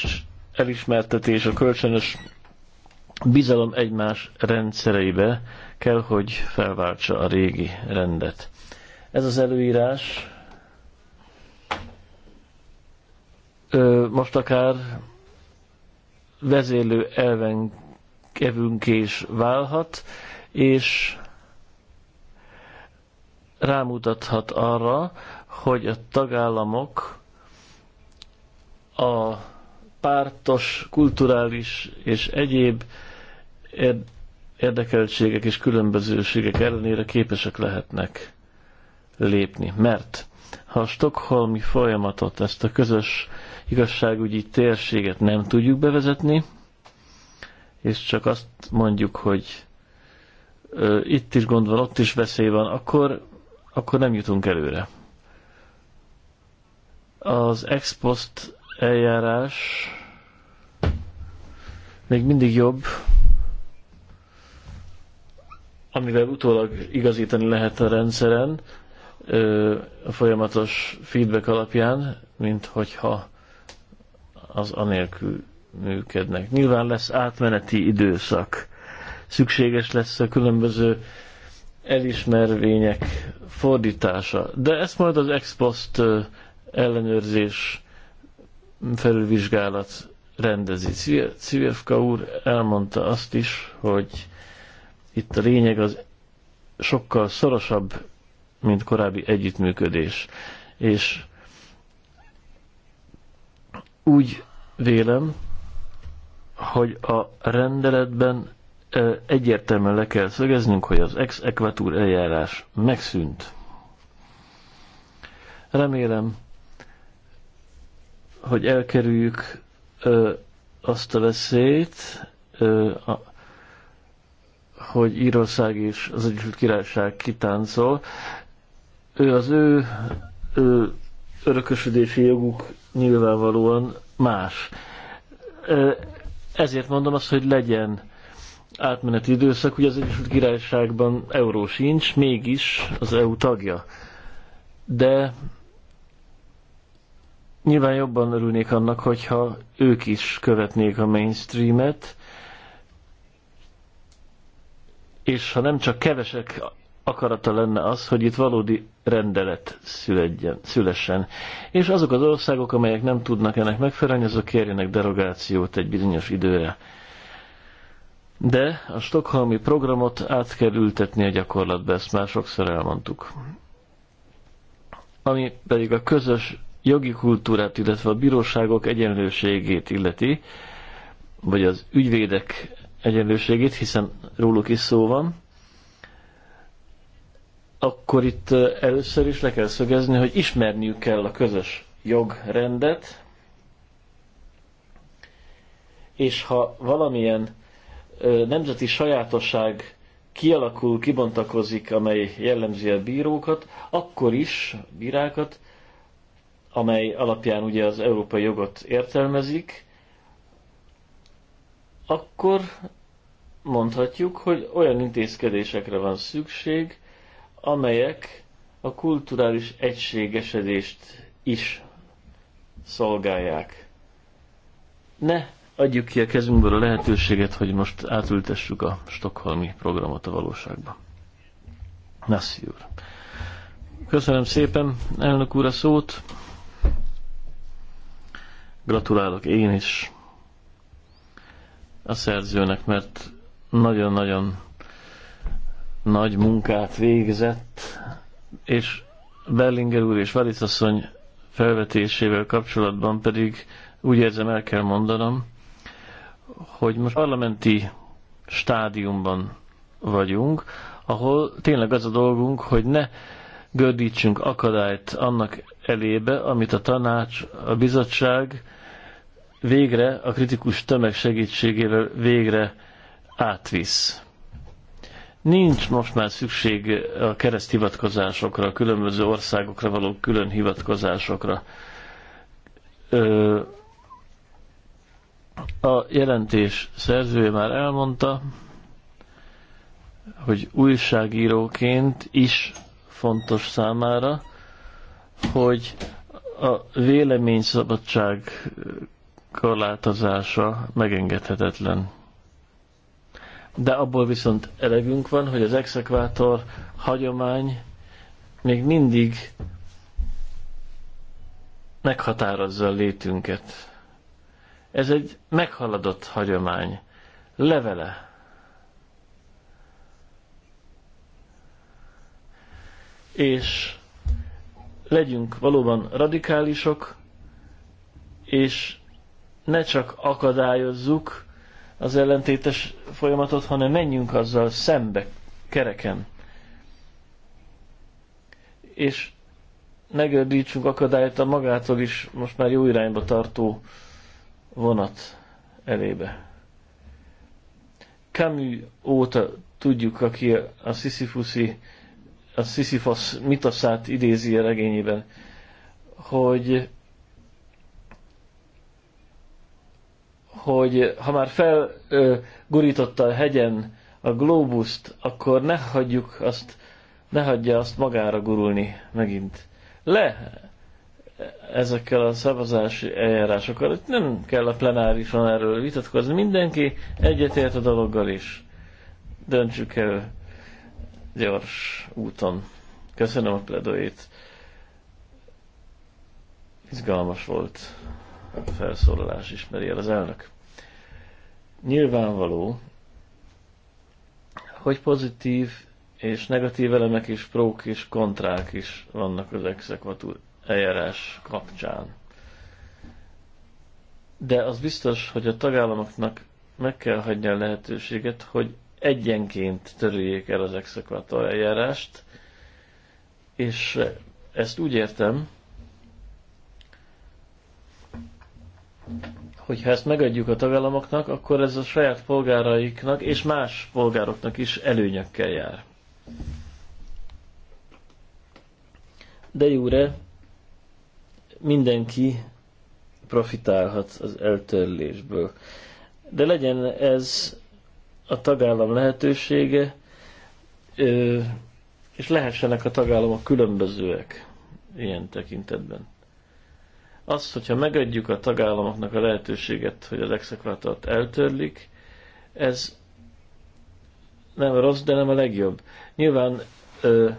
S2: elismertetés, a kölcsönös bizalom egymás rendszereibe kell, hogy felváltsa a régi rendet. Ez az előírás ö, most akár vezérlő elven, kevünk és válhat, és rámutathat arra, hogy a tagállamok a pártos, kulturális és egyéb érdekeltségek és különbözőségek ellenére képesek lehetnek lépni. Mert ha a stokholmi folyamatot, ezt a közös igazságügyi térséget nem tudjuk bevezetni, és csak azt mondjuk, hogy ö, itt is gond van, ott is veszély van, akkor, akkor nem jutunk előre az ex post eljárás még mindig jobb, amivel utólag igazítani lehet a rendszeren a folyamatos feedback alapján, mint hogyha az anélkül működnek. Nyilván lesz átmeneti időszak. Szükséges lesz a különböző elismervények fordítása. De ezt majd az ex post ellenőrzés, felülvizsgálat rendezi. Civjevka úr elmondta azt is, hogy itt a lényeg az sokkal szorosabb, mint korábbi együttműködés. És úgy vélem, hogy a rendeletben egyértelműen le kell szögeznünk, hogy az ex-ekvatúr eljárás megszűnt. Remélem, hogy elkerüljük ö, azt a veszélyt, ö, a, hogy Írország és az Egyesült Királyság kitáncol. Ő az ő, ő örökösödési joguk nyilvánvalóan más. Ezért mondom azt, hogy legyen átmeneti időszak, ugye az Egyesült Királyságban euró sincs, mégis az EU tagja. De Nyilván jobban örülnék annak, hogyha ők is követnék a mainstreamet, és ha nem csak kevesek akarata lenne az, hogy itt valódi rendelet szüledjen, szülessen. És azok az országok, amelyek nem tudnak ennek megfelelni, azok kérjenek derogációt egy bizonyos időre. De a stokholmi programot át kell ültetni a gyakorlatba, ezt már sokszor elmondtuk. Ami pedig a közös jogi kultúrát, illetve a bíróságok egyenlőségét illeti, vagy az ügyvédek egyenlőségét, hiszen róluk is szó van, akkor itt először is le kell szögezni, hogy ismerniük kell a közös jogrendet, és ha valamilyen nemzeti sajátosság kialakul, kibontakozik, amely jellemzi a bírókat, akkor is, bírákat, amely alapján ugye az európai jogot értelmezik, akkor mondhatjuk, hogy olyan intézkedésekre van szükség, amelyek a kulturális egységesedést is szolgálják. Ne adjuk ki a kezünkből a lehetőséget, hogy most átültessük a stokholmi programot a valóságba. Nassi úr. Köszönöm szépen, elnök úr, a szót. Gratulálok én is a szerzőnek, mert nagyon-nagyon nagy munkát végzett, és Bellinger úr és Valic asszony felvetésével kapcsolatban pedig úgy érzem el kell mondanom, hogy most parlamenti stádiumban vagyunk, ahol tényleg az a dolgunk, hogy ne gördítsünk akadályt annak elébe, amit a tanács, a bizottság végre a kritikus tömeg segítségével végre átvisz. Nincs most már szükség a kereszt hivatkozásokra, a különböző országokra való külön hivatkozásokra. Ö, a jelentés szerzője már elmondta, hogy újságíróként is fontos számára, hogy a véleményszabadság korlátozása megengedhetetlen. De abból viszont elegünk van, hogy az exekvátor hagyomány még mindig meghatározza a létünket. Ez egy meghaladott hagyomány. Levele és legyünk valóban radikálisok, és ne csak akadályozzuk az ellentétes folyamatot, hanem menjünk azzal szembe, kereken. És ne gördítsünk akadályt a magától is most már jó irányba tartó vonat elébe. Camus óta tudjuk, aki a Sisyphusi a Sisyphos mitoszát idézi a regényében, hogy hogy ha már felgurította a hegyen a glóbuszt, akkor ne hagyjuk azt, ne hagyja azt magára gurulni megint. Le ezekkel a szavazási eljárásokkal. Nem kell a plenárison erről vitatkozni. Mindenki egyetért a dologgal is. Döntsük el gyors úton. Köszönöm a pledóit. Izgalmas volt a felszólalás, ismeri el az elnök. Nyilvánvaló, hogy pozitív és negatív elemek is, prók és kontrák is vannak az exekvatúr eljárás kapcsán. De az biztos, hogy a tagállamoknak meg kell hagyni a lehetőséget, hogy egyenként törüljék el az exekvata eljárást, és ezt úgy értem, hogy ha ezt megadjuk a tagállamoknak, akkor ez a saját polgáraiknak és más polgároknak is előnyökkel jár. De jóre mindenki profitálhat az eltörlésből. De legyen ez a tagállam lehetősége, és lehessenek a tagállamok különbözőek ilyen tekintetben. Az, hogyha megadjuk a tagállamoknak a lehetőséget, hogy az exekvátort eltörlik, ez nem rossz, de nem a legjobb. Nyilván ö,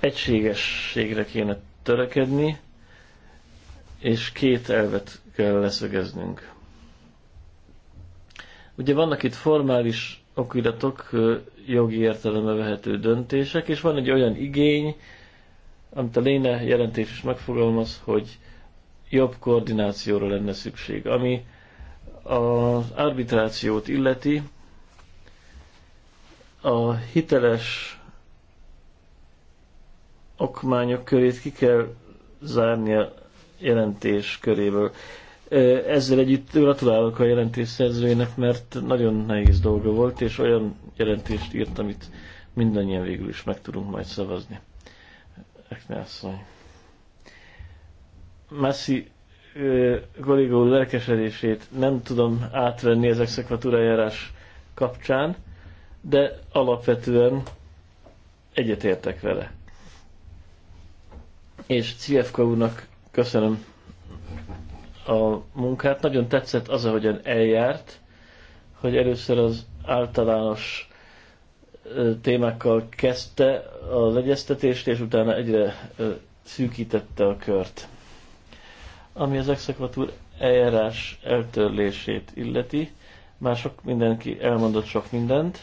S2: egységességre kéne törekedni, és két elvet kell leszögeznünk. Ugye vannak itt formális okiratok, jogi értelembe vehető döntések, és van egy olyan igény, amit a léne jelentés is megfogalmaz, hogy jobb koordinációra lenne szükség. Ami az arbitrációt illeti, a hiteles okmányok körét ki kell zárni a jelentés köréből. Ezzel együtt gratulálok a jelentés szerzőjének, mert nagyon nehéz dolga volt, és olyan jelentést írt, amit mindannyian végül is meg tudunk majd szavazni. Eknászony. Messi Goligó lelkesedését nem tudom átvenni az exekvatúrájárás kapcsán, de alapvetően egyetértek vele. És Cievka úrnak köszönöm a munkát. Nagyon tetszett az, ahogyan eljárt, hogy először az általános témákkal kezdte az egyeztetést, és utána egyre szűkítette a kört. Ami az exekvatúr eljárás eltörlését illeti, már sok mindenki elmondott sok mindent.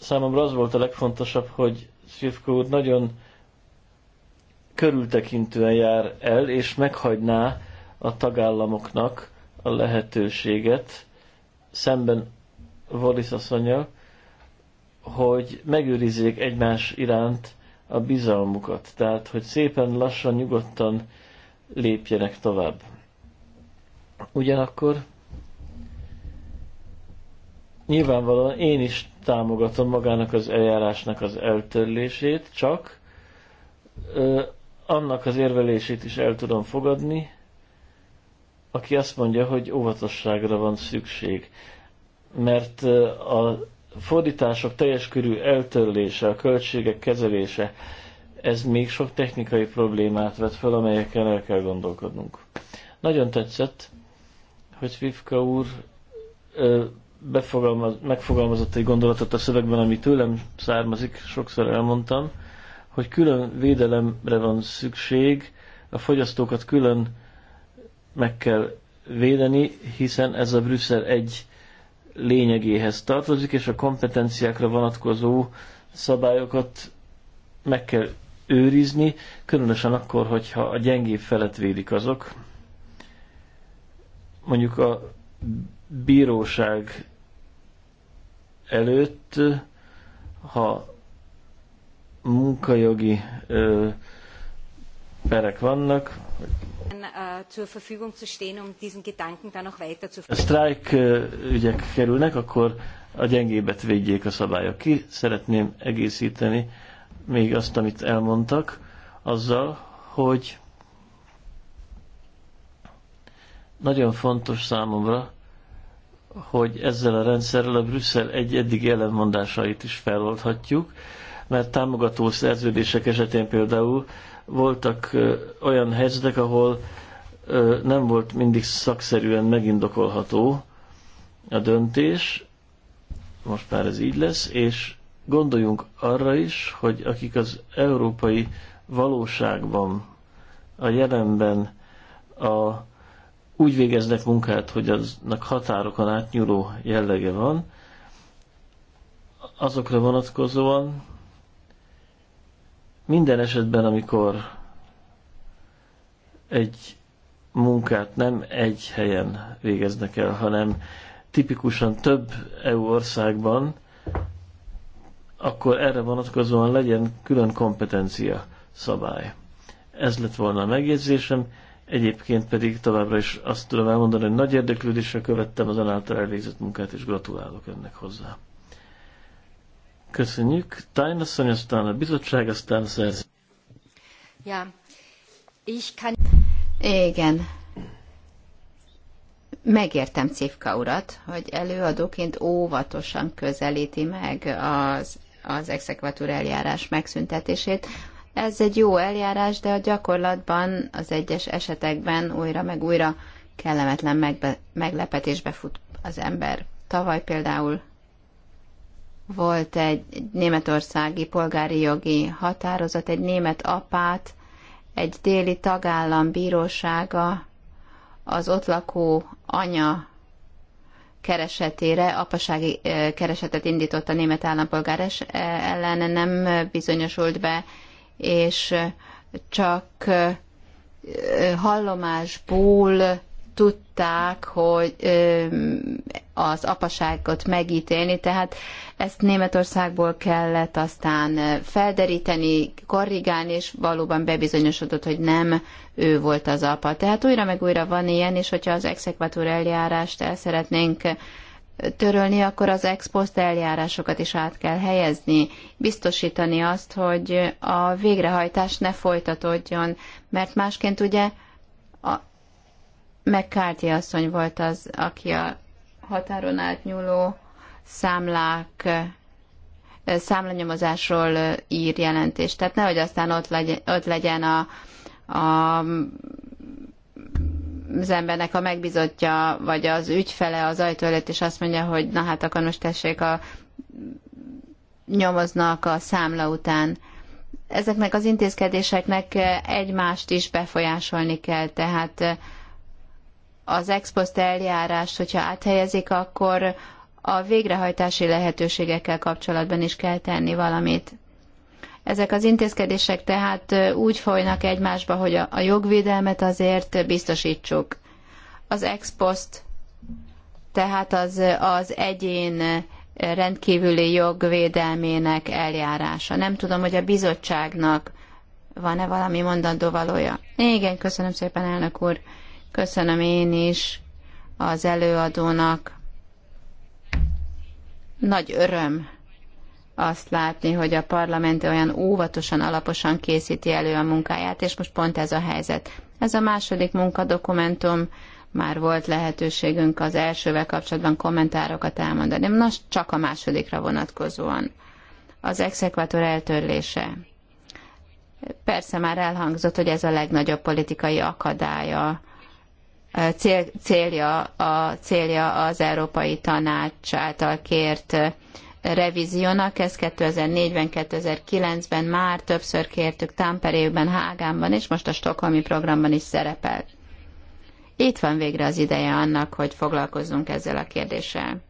S2: Számomra az volt a legfontosabb, hogy Szivko úr nagyon körültekintően jár el, és meghagyná a tagállamoknak a lehetőséget szemben Wallis asszonya, hogy megőrizzék egymás iránt a bizalmukat. Tehát, hogy szépen lassan, nyugodtan lépjenek tovább. Ugyanakkor nyilvánvalóan én is támogatom magának az eljárásnak az eltörlését, csak annak az érvelését is el tudom fogadni, aki azt mondja, hogy óvatosságra van szükség, mert a fordítások teljes körű eltörlése, a költségek kezelése, ez még sok technikai problémát vet fel, amelyekkel el kell gondolkodnunk. Nagyon tetszett, hogy Vivka úr befogalmaz, megfogalmazott egy gondolatot a szövegben, ami tőlem származik, sokszor elmondtam, hogy külön védelemre van szükség, a fogyasztókat külön meg kell védeni, hiszen ez a Brüsszel egy lényegéhez tartozik, és a kompetenciákra vonatkozó szabályokat meg kell őrizni, különösen akkor, hogyha a gyengébb felet védik azok. Mondjuk a bíróság előtt, ha munkajogi ö, perek vannak.
S1: Äh, um a
S2: sztrájk ügyek kerülnek, akkor a gyengébet védjék a szabályok ki. Szeretném egészíteni még azt, amit elmondtak, azzal, hogy nagyon fontos számomra, hogy ezzel a rendszerrel a Brüsszel egy eddig ellenmondásait is feloldhatjuk, mert támogató szerződések esetén például voltak olyan helyzetek, ahol nem volt mindig szakszerűen megindokolható a döntés, most már ez így lesz, és gondoljunk arra is, hogy akik az európai valóságban, a jelenben a, úgy végeznek munkát, hogy aznak határokon átnyúló jellege van, azokra vonatkozóan minden esetben, amikor egy munkát nem egy helyen végeznek el, hanem tipikusan több EU országban, akkor erre vonatkozóan legyen külön kompetencia szabály. Ez lett volna a megjegyzésem, egyébként pedig továbbra is azt tudom elmondani, hogy nagy érdeklődésre követtem az ön által elvégzett munkát, és gratulálok önnek hozzá. Köszönjük. Tájn asszony, aztán a bizottság, aztán szerző.
S1: Ja. Ich kann... Igen. Megértem Cifka urat, hogy előadóként óvatosan közelíti meg az, az exekvatúr eljárás megszüntetését. Ez egy jó eljárás, de a gyakorlatban az egyes esetekben újra meg újra kellemetlen megbe, meglepetésbe fut az ember. Tavaly például volt egy németországi polgári jogi határozat, egy német apát, egy déli tagállam bírósága az ott lakó anya keresetére apasági keresetet indított a német állampolgár ellen, nem bizonyosult be, és csak hallomásból tudták, hogy az apaságot megítélni, tehát ezt Németországból kellett aztán felderíteni, korrigálni, és valóban bebizonyosodott, hogy nem ő volt az apa. Tehát újra meg újra van ilyen, és hogyha az exekvatúr eljárást el szeretnénk törölni, akkor az ex-post eljárásokat is át kell helyezni, biztosítani azt, hogy a végrehajtás ne folytatódjon, mert másként ugye a, McCarthy asszony volt az, aki a határon átnyúló számlák számlanyomozásról ír jelentést. Tehát nehogy aztán ott legyen, ott legyen a, a az embernek a megbizotja, vagy az ügyfele az ajtó előtt, és azt mondja, hogy na hát akkor most tessék a nyomoznak a számla után. Ezeknek az intézkedéseknek egymást is befolyásolni kell, tehát az ex-post eljárást, hogyha áthelyezik, akkor a végrehajtási lehetőségekkel kapcsolatban is kell tenni valamit. Ezek az intézkedések tehát úgy folynak egymásba, hogy a jogvédelmet azért biztosítsuk. Az ex post, tehát az, az egyén rendkívüli jogvédelmének eljárása. Nem tudom, hogy a bizottságnak van-e valami valója. Igen, köszönöm szépen, elnök úr. Köszönöm én is az előadónak. Nagy öröm azt látni, hogy a parlament olyan óvatosan, alaposan készíti elő a munkáját, és most pont ez a helyzet. Ez a második munkadokumentum, már volt lehetőségünk az elsővel kapcsolatban kommentárokat elmondani, most csak a másodikra vonatkozóan. Az exekvator eltörlése. Persze már elhangzott, hogy ez a legnagyobb politikai akadálya cél, célja, a célja az Európai Tanács által kért eh, revíziónak. Ez 2004-ben, 2009-ben már többször kértük Tamperében, Hágánban, és most a Stockholmi programban is szerepel. Itt van végre az ideje annak, hogy foglalkozzunk ezzel a kérdéssel.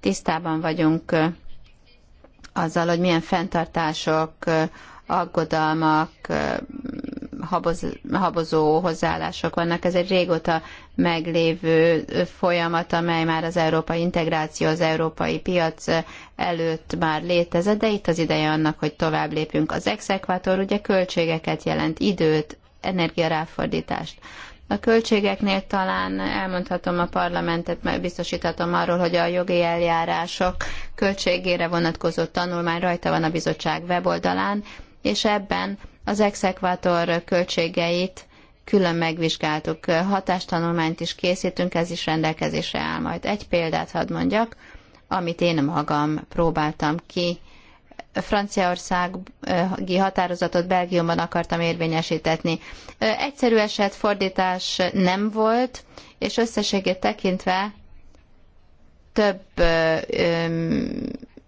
S1: Tisztában vagyunk eh, azzal, hogy milyen fenntartások, eh, aggodalmak haboz, habozó hozzáállások vannak. Ez egy régóta meglévő folyamat, amely már az európai integráció, az európai piac előtt már létezett, de itt az ideje annak, hogy tovább lépjünk. Az exekvátor ugye költségeket jelent, időt, energiaráfordítást. A költségeknél talán elmondhatom a parlamentet, mert biztosíthatom arról, hogy a jogi eljárások költségére vonatkozó tanulmány rajta van a bizottság weboldalán, és ebben az exekvátor költségeit külön megvizsgáltuk, hatástanulmányt is készítünk, ez is rendelkezésre áll majd. Egy példát hadd mondjak, amit én magam próbáltam ki. Franciaországi határozatot Belgiumban akartam érvényesítetni. Egyszerű eset fordítás nem volt, és összességét tekintve több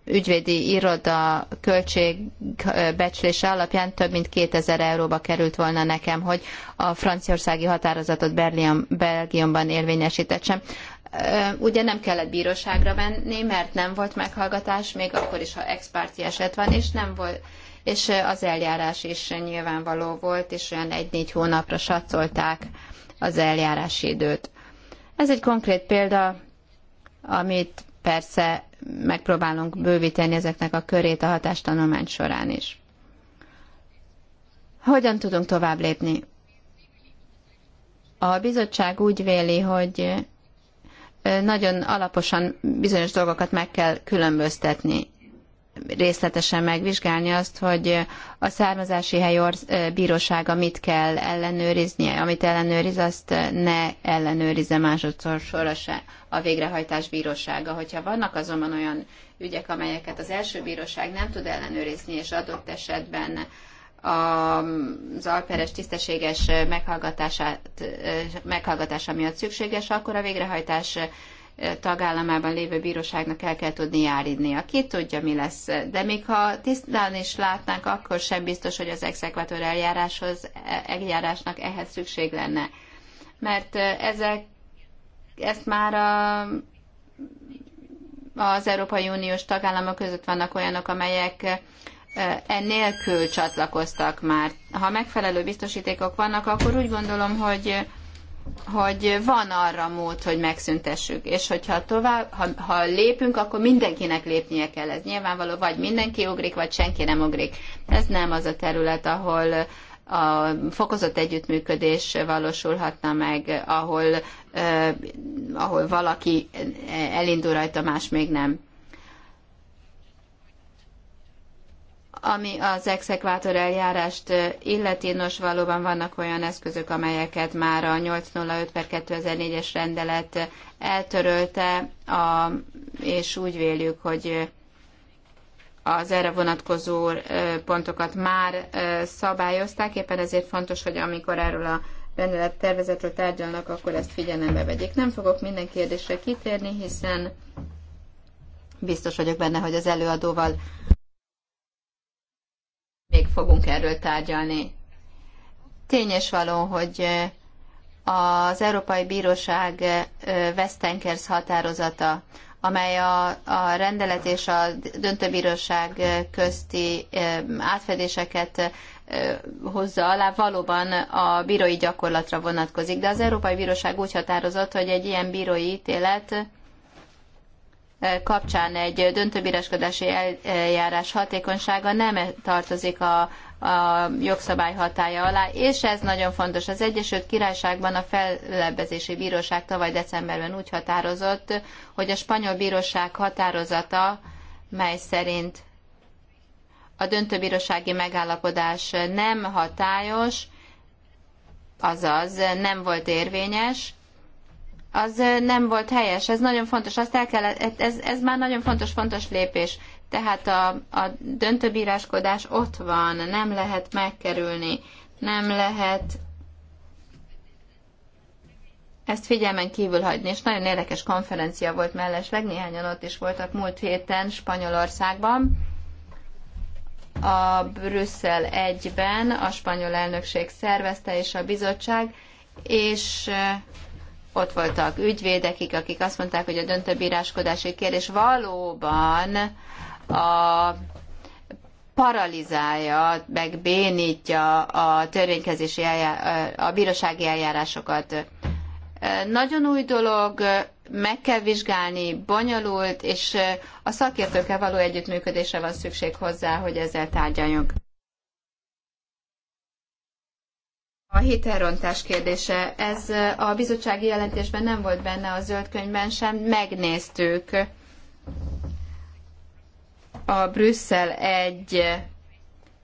S1: ügyvédi iroda költségbecslése alapján több mint 2000 euróba került volna nekem, hogy a franciaországi határozatot Berlium, Belgiumban érvényesítetsem. Ugye nem kellett bíróságra menni, mert nem volt meghallgatás, még akkor is, ha expárti eset van, és nem volt és az eljárás is nyilvánvaló volt, és olyan egy-négy hónapra satszolták az eljárási időt. Ez egy konkrét példa, amit persze megpróbálunk bővíteni ezeknek a körét a hatástanulmány során is. Hogyan tudunk tovább lépni? A bizottság úgy véli, hogy nagyon alaposan bizonyos dolgokat meg kell különböztetni részletesen megvizsgálni azt, hogy a származási hely bírósága mit kell ellenőriznie, amit ellenőriz, azt ne ellenőrizze másodszor sorra se a végrehajtás bírósága. Hogyha vannak azonban olyan ügyek, amelyeket az első bíróság nem tud ellenőrizni, és adott esetben az alperes tisztességes meghallgatását, meghallgatása miatt szükséges, akkor a végrehajtás tagállamában lévő bíróságnak el kell tudni járidnia. Ki tudja, mi lesz. De még ha tisztán is látnánk, akkor sem biztos, hogy az exekvator eljáráshoz, eljárásnak ehhez szükség lenne. Mert ezek, ezt már a, az Európai Uniós tagállamok között vannak olyanok, amelyek ennélkül csatlakoztak már. Ha megfelelő biztosítékok vannak, akkor úgy gondolom, hogy hogy van arra mód, hogy megszüntessük, és hogyha tovább, ha, ha lépünk, akkor mindenkinek lépnie kell. Ez nyilvánvaló, vagy mindenki ugrik, vagy senki nem ugrik. Ez nem az a terület, ahol a fokozott együttműködés valósulhatna meg, ahol, eh, ahol valaki elindul rajta, más még nem. Ami az exekvátor eljárást illeti, nos valóban vannak olyan eszközök, amelyeket már a 805 per 2004-es rendelet eltörölte, a, és úgy véljük, hogy az erre vonatkozó pontokat már szabályozták, éppen ezért fontos, hogy amikor erről a rendelet tervezetről tárgyalnak, akkor ezt figyelembe vegyék. Nem fogok minden kérdésre kitérni, hiszen biztos vagyok benne, hogy az előadóval fogunk erről tárgyalni. Tényes való, hogy az Európai Bíróság Westenkers határozata, amely a, a rendelet és a döntőbíróság közti átfedéseket hozza alá, valóban a bírói gyakorlatra vonatkozik. De az Európai Bíróság úgy határozott, hogy egy ilyen bírói ítélet kapcsán egy döntőbíráskodási eljárás hatékonysága nem tartozik a, a jogszabály hatája alá, és ez nagyon fontos. Az Egyesült Királyságban a fellebbezési bíróság tavaly decemberben úgy határozott, hogy a spanyol bíróság határozata, mely szerint a döntőbírósági megállapodás nem hatályos, azaz nem volt érvényes, az nem volt helyes. Ez nagyon fontos, azt el kell, ez, ez már nagyon fontos, fontos lépés. Tehát a, a döntőbíráskodás ott van, nem lehet megkerülni, nem lehet ezt figyelmen kívül hagyni, és nagyon érdekes konferencia volt mellesleg, néhányan ott is voltak múlt héten Spanyolországban, a Brüsszel egyben a spanyol elnökség szervezte, és a bizottság, és ott voltak ügyvédekik, akik azt mondták, hogy a döntőbíráskodási kérdés valóban a paralizálja, meg bénítja a törvénykezési a bírósági eljárásokat. Nagyon új dolog, meg kell vizsgálni, bonyolult, és a szakértőkkel való együttműködésre van szükség hozzá, hogy ezzel tárgyaljunk. A hitelrontás kérdése. Ez a bizottsági jelentésben nem volt benne a zöld könyvben sem. Megnéztük a Brüsszel egy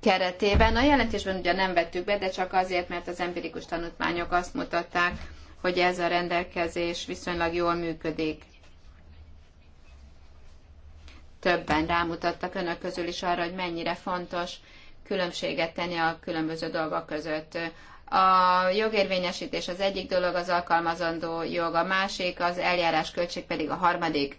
S1: keretében. A jelentésben ugye nem vettük be, de csak azért, mert az empirikus tanulmányok azt mutatták, hogy ez a rendelkezés viszonylag jól működik. Többen rámutattak önök közül is arra, hogy mennyire fontos különbséget tenni a különböző dolgok között. A jogérvényesítés az egyik dolog, az alkalmazandó jog a másik, az eljárás költség pedig a harmadik.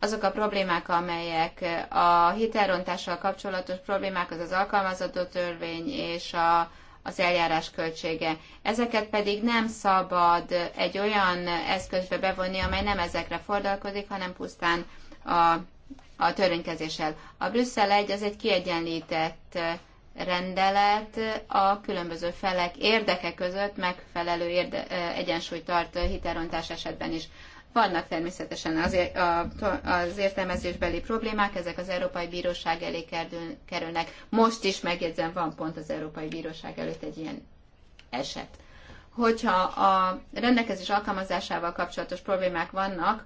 S1: Azok a problémák, amelyek a hitelrontással kapcsolatos problémák, az az alkalmazandó törvény és a, az eljárás költsége. Ezeket pedig nem szabad egy olyan eszközbe bevonni, amely nem ezekre fordalkozik, hanem pusztán a, a törvénykezéssel. A Brüsszel egy az egy kiegyenlített rendelet a különböző felek érdeke között megfelelő érde, egyensúlyt tart hitelrontás esetben is. Vannak természetesen az, az értelmezésbeli problémák, ezek az Európai Bíróság elé kerülnek. Most is megjegyzem, van pont az Európai Bíróság előtt egy ilyen eset. Hogyha a rendelkezés alkalmazásával kapcsolatos problémák vannak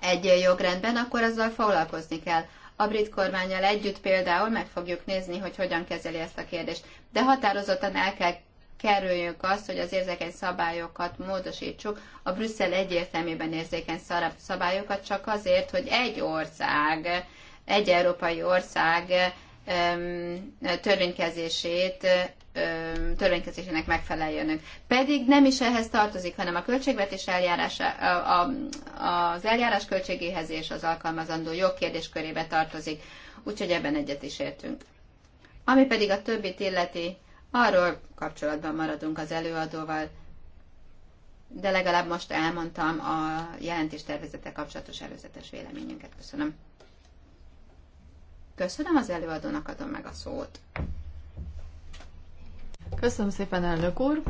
S1: egy jogrendben, akkor azzal foglalkozni kell. A brit kormányjal együtt például meg fogjuk nézni, hogy hogyan kezeli ezt a kérdést. De határozottan el kell kerüljük azt, hogy az érzékeny szabályokat módosítsuk, a Brüsszel egyértelműben érzékeny szabályokat csak azért, hogy egy ország, egy európai ország törvénykezését, törvénykezésének megfeleljenek. Pedig nem is ehhez tartozik, hanem a költségvetés eljárása, a, a, az eljárás költségéhez és az alkalmazandó jogkérdés körébe tartozik, úgyhogy ebben egyet is értünk. Ami pedig a többit illeti, arról kapcsolatban maradunk az előadóval, de legalább most elmondtam a jelentéstervezete kapcsolatos előzetes véleményünket. Köszönöm. Köszönöm az előadónak, adom meg a szót.
S3: Köszönöm szépen, elnök úr!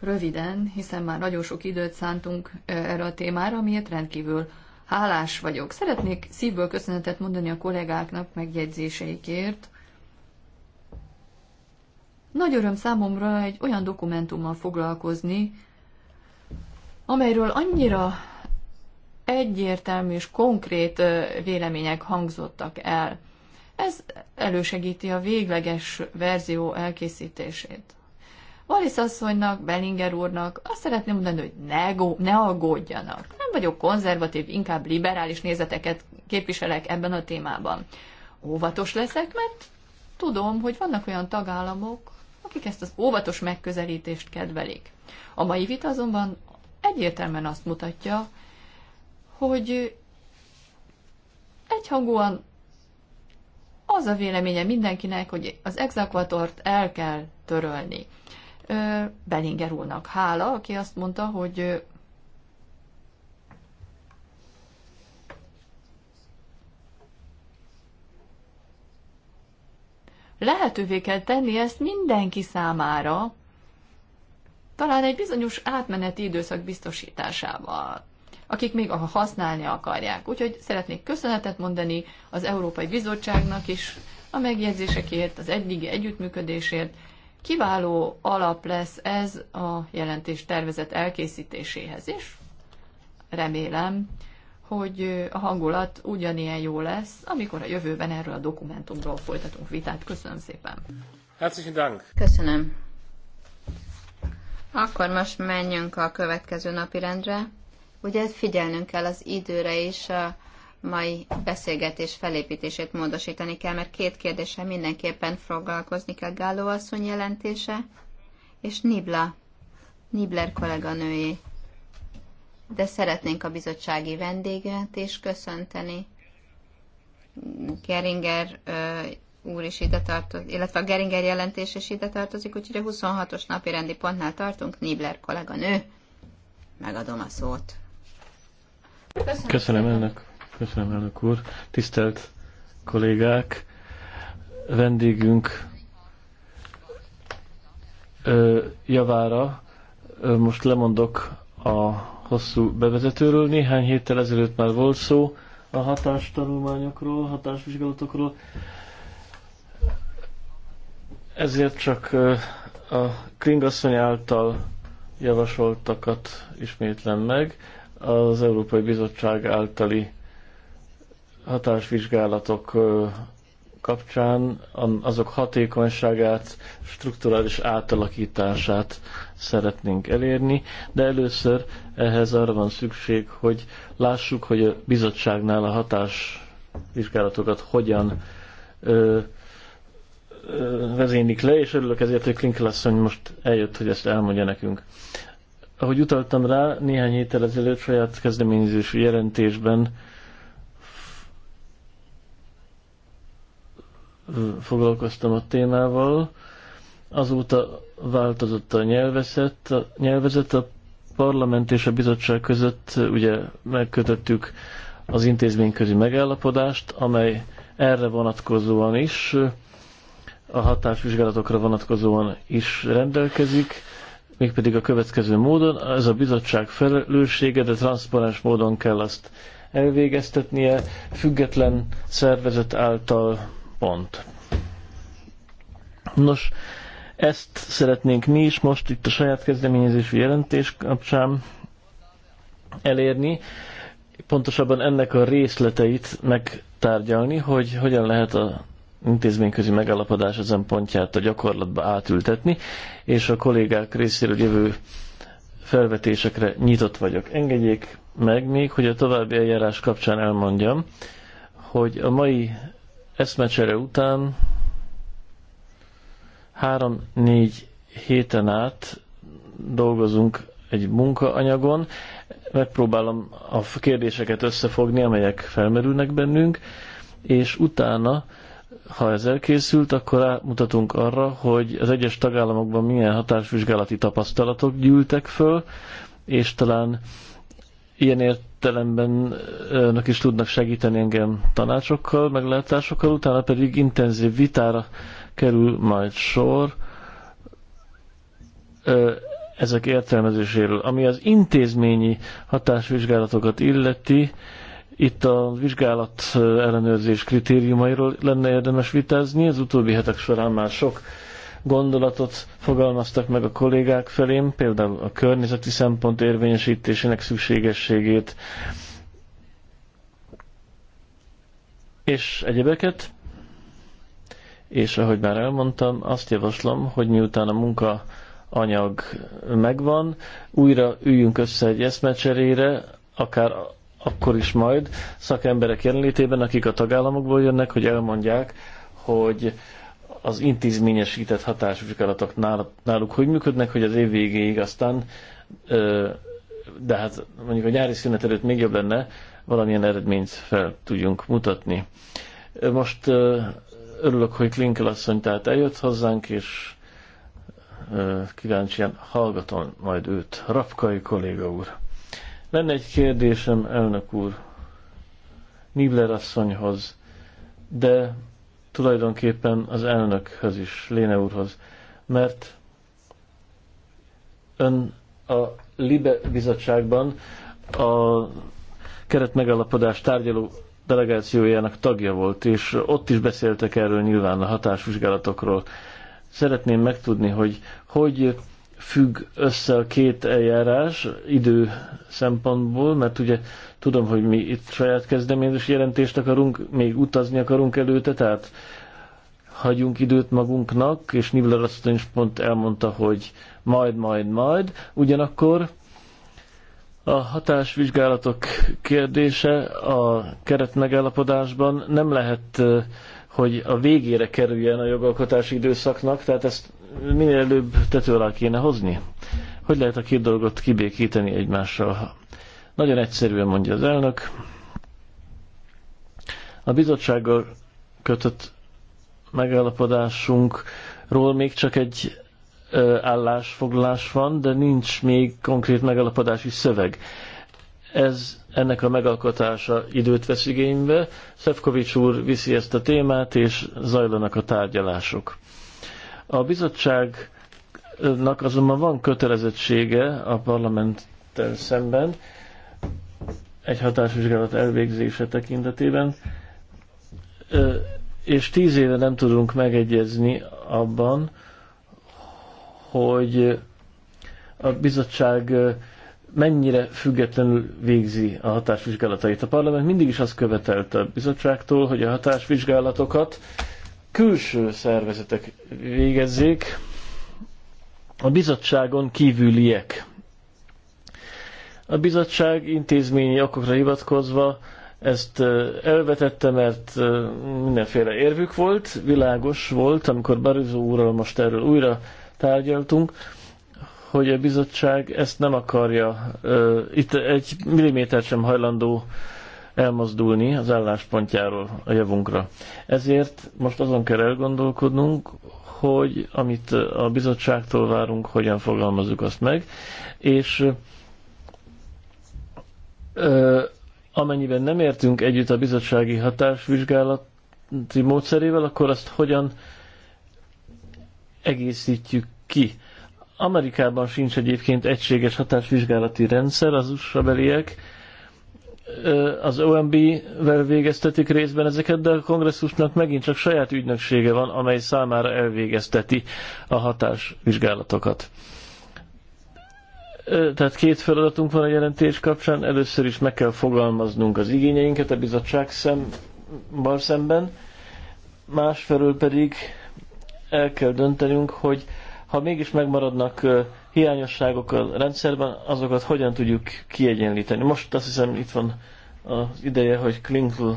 S3: Röviden, hiszen már nagyon sok időt szántunk e, erre a témára, miért rendkívül hálás vagyok. Szeretnék szívből köszönetet mondani a kollégáknak megjegyzéseikért. Nagy öröm számomra egy olyan dokumentummal foglalkozni, amelyről annyira egyértelmű és konkrét vélemények hangzottak el. Ez elősegíti a végleges verzió elkészítését. Valis asszonynak, Bellinger úrnak azt szeretném mondani, hogy ne, go, ne aggódjanak. Nem vagyok konzervatív, inkább liberális nézeteket képviselek ebben a témában. Óvatos leszek, mert tudom, hogy vannak olyan tagállamok, akik ezt az óvatos megközelítést kedvelik. A mai vita azonban egyértelműen azt mutatja, hogy egyhangúan az a véleménye mindenkinek, hogy az exekvatort el kell törölni. Belinger úrnak hála, aki azt mondta, hogy lehetővé kell tenni ezt mindenki számára, talán egy bizonyos átmeneti időszak biztosításával akik még ha használni akarják. Úgyhogy szeretnék köszönetet mondani az Európai Bizottságnak is a megjegyzésekért, az eddigi együttműködésért. Kiváló alap lesz ez a jelentés tervezet elkészítéséhez is. Remélem, hogy a hangulat ugyanilyen jó lesz, amikor a jövőben erről a dokumentumról folytatunk vitát.
S1: Köszönöm szépen! Herzlichen Dank!
S3: Köszönöm!
S1: Akkor most menjünk a következő napi rendre. Ugye figyelnünk kell az időre és a mai beszélgetés felépítését módosítani kell, mert két kérdése mindenképpen foglalkozni kell Gáló asszony jelentése, és Nibla, Nibler kolléganőjé. De szeretnénk a bizottsági vendéget is köszönteni. Geringer úr is ide tartozik, illetve a Geringer jelentés is ide tartozik, úgyhogy a 26-os napi rendi pontnál tartunk, Nibler kolléganő. Megadom a szót.
S2: Köszönöm, Köszönöm elnök. Köszönöm, elnök úr. Tisztelt kollégák, vendégünk ö, javára ö, most lemondok a hosszú bevezetőről. Néhány héttel ezelőtt már volt szó a hatástanulmányokról, hatásvizsgálatokról. Ezért csak ö, a Kringasszony által javasoltakat ismétlen meg az Európai Bizottság általi hatásvizsgálatok kapcsán azok hatékonyságát, strukturális átalakítását szeretnénk elérni, de először ehhez arra van szükség, hogy lássuk, hogy a bizottságnál a hatásvizsgálatokat hogyan ö, ö, vezénik le, és örülök ezért, hogy Klinkel asszony most eljött, hogy ezt elmondja nekünk. Ahogy utaltam rá, néhány héttel ezelőtt saját kezdeményezésű jelentésben foglalkoztam a témával. Azóta változott a nyelvezet, a, nyelvezet a parlament és a bizottság között ugye megkötöttük az intézményközi megállapodást, amely erre vonatkozóan is, a hatásvizsgálatokra vonatkozóan is rendelkezik mégpedig a következő módon, ez a bizottság felelőssége, de transzparens módon kell azt elvégeztetnie, független szervezet által pont. Nos, ezt szeretnénk mi is most itt a saját kezdeményezésű jelentés kapcsán elérni, pontosabban ennek a részleteit megtárgyalni, hogy hogyan lehet a intézményközi megállapodás ezen pontját a gyakorlatba átültetni, és a kollégák részéről jövő felvetésekre nyitott vagyok. Engedjék meg még, hogy a további eljárás kapcsán elmondjam, hogy a mai eszmecsere után három-négy héten át dolgozunk egy munkaanyagon, megpróbálom a kérdéseket összefogni, amelyek felmerülnek bennünk, és utána ha ez elkészült, akkor mutatunk arra, hogy az egyes tagállamokban milyen hatásvizsgálati tapasztalatok gyűltek föl, és talán ilyen értelemben önök is tudnak segíteni engem tanácsokkal, meglátásokkal, utána pedig intenzív vitára kerül majd sor ezek értelmezéséről. Ami az intézményi hatásvizsgálatokat illeti, itt a vizsgálat ellenőrzés kritériumairól lenne érdemes vitázni. Az utóbbi hetek során már sok gondolatot fogalmaztak meg a kollégák felém, például a környezeti szempont érvényesítésének szükségességét, és egyebeket. És ahogy már elmondtam, azt javaslom, hogy miután a munka anyag megvan, újra üljünk össze egy eszmecserére, akár akkor is majd szakemberek jelenlétében, akik a tagállamokból jönnek, hogy elmondják, hogy az intézményesített hatásvizsgálatok náluk hogy működnek, hogy az év végéig aztán, de hát mondjuk a nyári szünet előtt még jobb lenne, valamilyen eredményt fel tudjunk mutatni. Most örülök, hogy Klinkel asszony tehát eljött hozzánk, és kíváncsian hallgatom majd őt. Rapkai kolléga úr. Lenne egy kérdésem, elnök úr, Nibler asszonyhoz, de tulajdonképpen az elnökhöz is, Léne úrhoz, mert ön a Libe bizottságban a keret megalapodás tárgyaló delegációjának tagja volt, és ott is beszéltek erről nyilván a hatásvizsgálatokról. Szeretném megtudni, hogy hogy függ össze a két eljárás idő szempontból, mert ugye tudom, hogy mi itt saját kezdeményezés jelentést akarunk, még utazni akarunk előtte, tehát hagyunk időt magunknak, és Nibler asszony is pont elmondta, hogy majd, majd, majd. Ugyanakkor a hatásvizsgálatok kérdése a keretmegállapodásban nem lehet, eh, hogy a végére kerüljen a jogalkotási időszaknak, tehát ezt minél előbb tető alá kéne hozni? Hogy lehet a két dolgot kibékíteni egymással? Nagyon egyszerűen mondja az elnök. A bizottsággal kötött megállapodásunkról még csak egy ö, állásfoglalás van, de nincs még konkrét megállapodási szöveg. Ez ennek a megalkotása időt vesz igénybe. Szefkovics úr viszi ezt a témát, és zajlanak a tárgyalások. A bizottságnak azonban van kötelezettsége a parlamenttel szemben egy hatásvizsgálat elvégzése tekintetében, és tíz éve nem tudunk megegyezni abban, hogy a bizottság mennyire függetlenül végzi a hatásvizsgálatait. A parlament mindig is azt követelte a bizottságtól, hogy a hatásvizsgálatokat külső szervezetek végezzék, a bizottságon kívüliek. A bizottság intézményi okokra hivatkozva ezt elvetette, mert mindenféle érvük volt, világos volt, amikor Barizó úrral most erről újra tárgyaltunk, hogy a bizottság ezt nem akarja, itt egy milliméter sem hajlandó elmozdulni az álláspontjáról a javunkra. Ezért most azon kell elgondolkodnunk, hogy amit a bizottságtól várunk, hogyan fogalmazzuk azt meg, és ö, amennyiben nem értünk együtt a bizottsági hatásvizsgálati módszerével, akkor azt hogyan egészítjük ki. Amerikában sincs egyébként egységes hatásvizsgálati rendszer, az USA beliek, az OMB-vel végeztetik részben ezeket, de a kongresszusnak megint csak saját ügynöksége van, amely számára elvégezteti a hatásvizsgálatokat. Tehát két feladatunk van a jelentés kapcsán. Először is meg kell fogalmaznunk az igényeinket a bizottság szembar szemben, másfelől pedig el kell döntenünk, hogy ha mégis megmaradnak hiányosságok a rendszerben, azokat hogyan tudjuk kiegyenlíteni. Most azt hiszem itt van az ideje, hogy Klinkl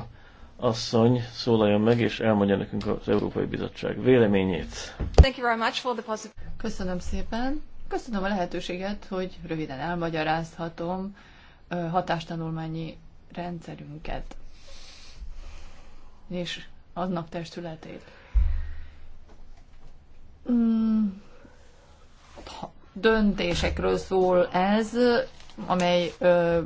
S2: asszony szólaljon meg, és elmondja nekünk az Európai Bizottság
S3: véleményét. Thank you very much for the Köszönöm szépen. Köszönöm a lehetőséget, hogy röviden elmagyarázhatom hatástanulmányi rendszerünket és aznak testületét. Mm, hát döntésekről szól ez, amely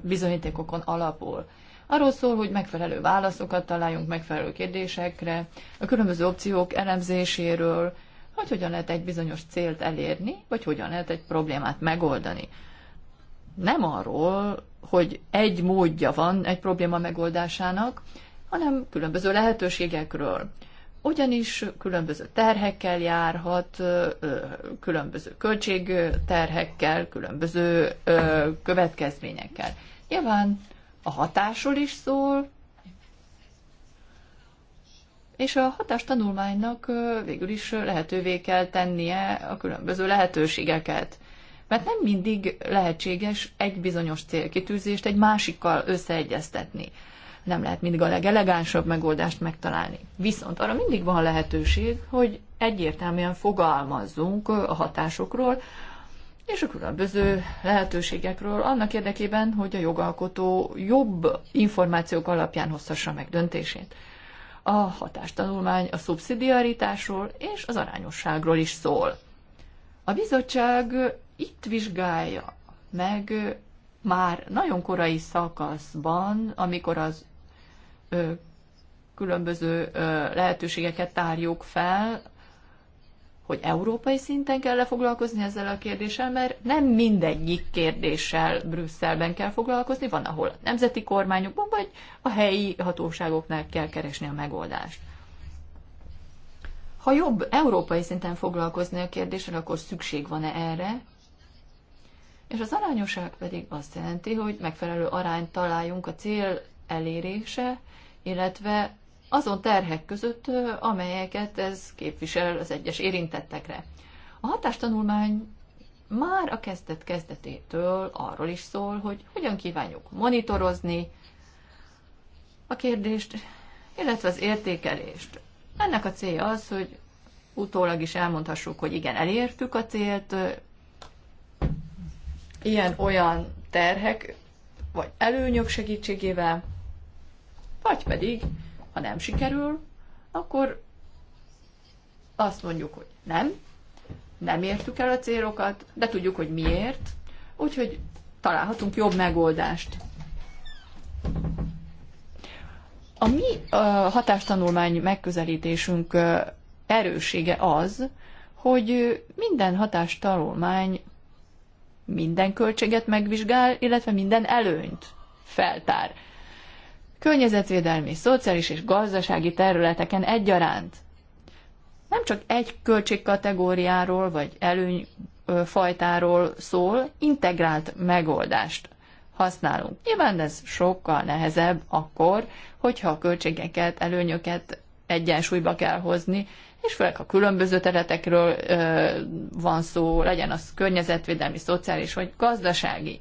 S3: bizonyítékokon alapul. Arról szól, hogy megfelelő válaszokat találjunk megfelelő kérdésekre, a különböző opciók elemzéséről, hogy hogyan lehet egy bizonyos célt elérni, vagy hogyan lehet egy problémát megoldani. Nem arról, hogy egy módja van egy probléma megoldásának, hanem különböző lehetőségekről ugyanis különböző terhekkel járhat, különböző költségterhekkel, különböző következményekkel. Nyilván a hatásról is szól, és a hatástanulmánynak végül is lehetővé kell tennie a különböző lehetőségeket. Mert nem mindig lehetséges egy bizonyos célkitűzést egy másikkal összeegyeztetni nem lehet mindig a legelegánsabb megoldást megtalálni. Viszont arra mindig van lehetőség, hogy egyértelműen fogalmazzunk a hatásokról, és a különböző lehetőségekről annak érdekében, hogy a jogalkotó jobb információk alapján hozhassa meg döntését. A hatástanulmány a szubszidiaritásról és az arányosságról is szól. A bizottság itt vizsgálja meg már nagyon korai szakaszban, amikor az különböző lehetőségeket tárjuk fel, hogy európai szinten kell lefoglalkozni ezzel a kérdéssel, mert nem mindegyik kérdéssel Brüsszelben kell foglalkozni, van, ahol a nemzeti kormányokban vagy a helyi hatóságoknál kell keresni a megoldást. Ha jobb európai szinten foglalkozni a kérdéssel, akkor szükség van-e erre? És az arányosság pedig azt jelenti, hogy megfelelő arányt találjunk a cél elérése illetve azon terhek között, amelyeket ez képvisel az egyes érintettekre. A hatástanulmány már a kezdet kezdetétől arról is szól, hogy hogyan kívánjuk monitorozni a kérdést, illetve az értékelést. Ennek a célja az, hogy utólag is elmondhassuk, hogy igen, elértük a célt, ilyen-olyan terhek vagy előnyök segítségével, vagy pedig, ha nem sikerül, akkor azt mondjuk, hogy nem, nem értük el a célokat, de tudjuk, hogy miért, úgyhogy találhatunk jobb megoldást. A mi hatástanulmány megközelítésünk erőssége az, hogy minden hatástanulmány minden költséget megvizsgál, illetve minden előnyt feltár környezetvédelmi, szociális és gazdasági területeken egyaránt. Nem csak egy költségkategóriáról vagy előnyfajtáról szól, integrált megoldást használunk. Nyilván ez sokkal nehezebb akkor, hogyha a költségeket, előnyöket egyensúlyba kell hozni, és főleg a különböző területekről ö, van szó, legyen az környezetvédelmi, szociális vagy gazdasági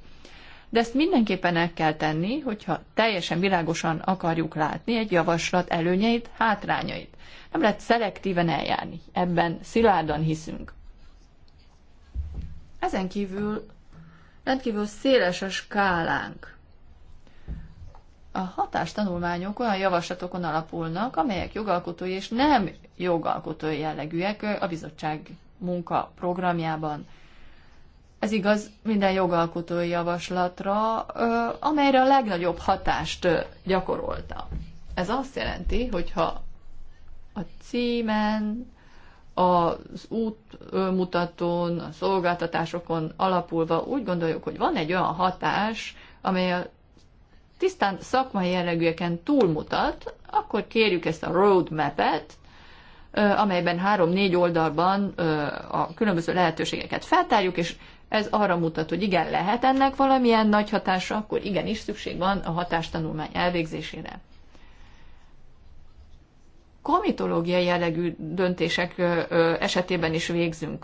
S3: de ezt mindenképpen el kell tenni, hogyha teljesen világosan akarjuk látni egy javaslat előnyeit, hátrányait. Nem lehet szelektíven eljárni. Ebben szilárdan hiszünk. Ezen kívül rendkívül széles a skálánk. A hatástanulmányok olyan javaslatokon alapulnak, amelyek jogalkotói és nem jogalkotói jellegűek a bizottság munka programjában ez igaz minden jogalkotói javaslatra, amelyre a legnagyobb hatást gyakorolta. Ez azt jelenti, hogyha a címen, az útmutatón, a szolgáltatásokon alapulva úgy gondoljuk, hogy van egy olyan hatás, amely a tisztán szakmai jellegűeken túlmutat, akkor kérjük ezt a roadmap-et, amelyben három-négy oldalban a különböző lehetőségeket feltárjuk, és ez arra mutat, hogy igen, lehet ennek valamilyen nagy hatása, akkor igenis szükség van a hatástanulmány elvégzésére. Komitológiai jellegű döntések esetében is végzünk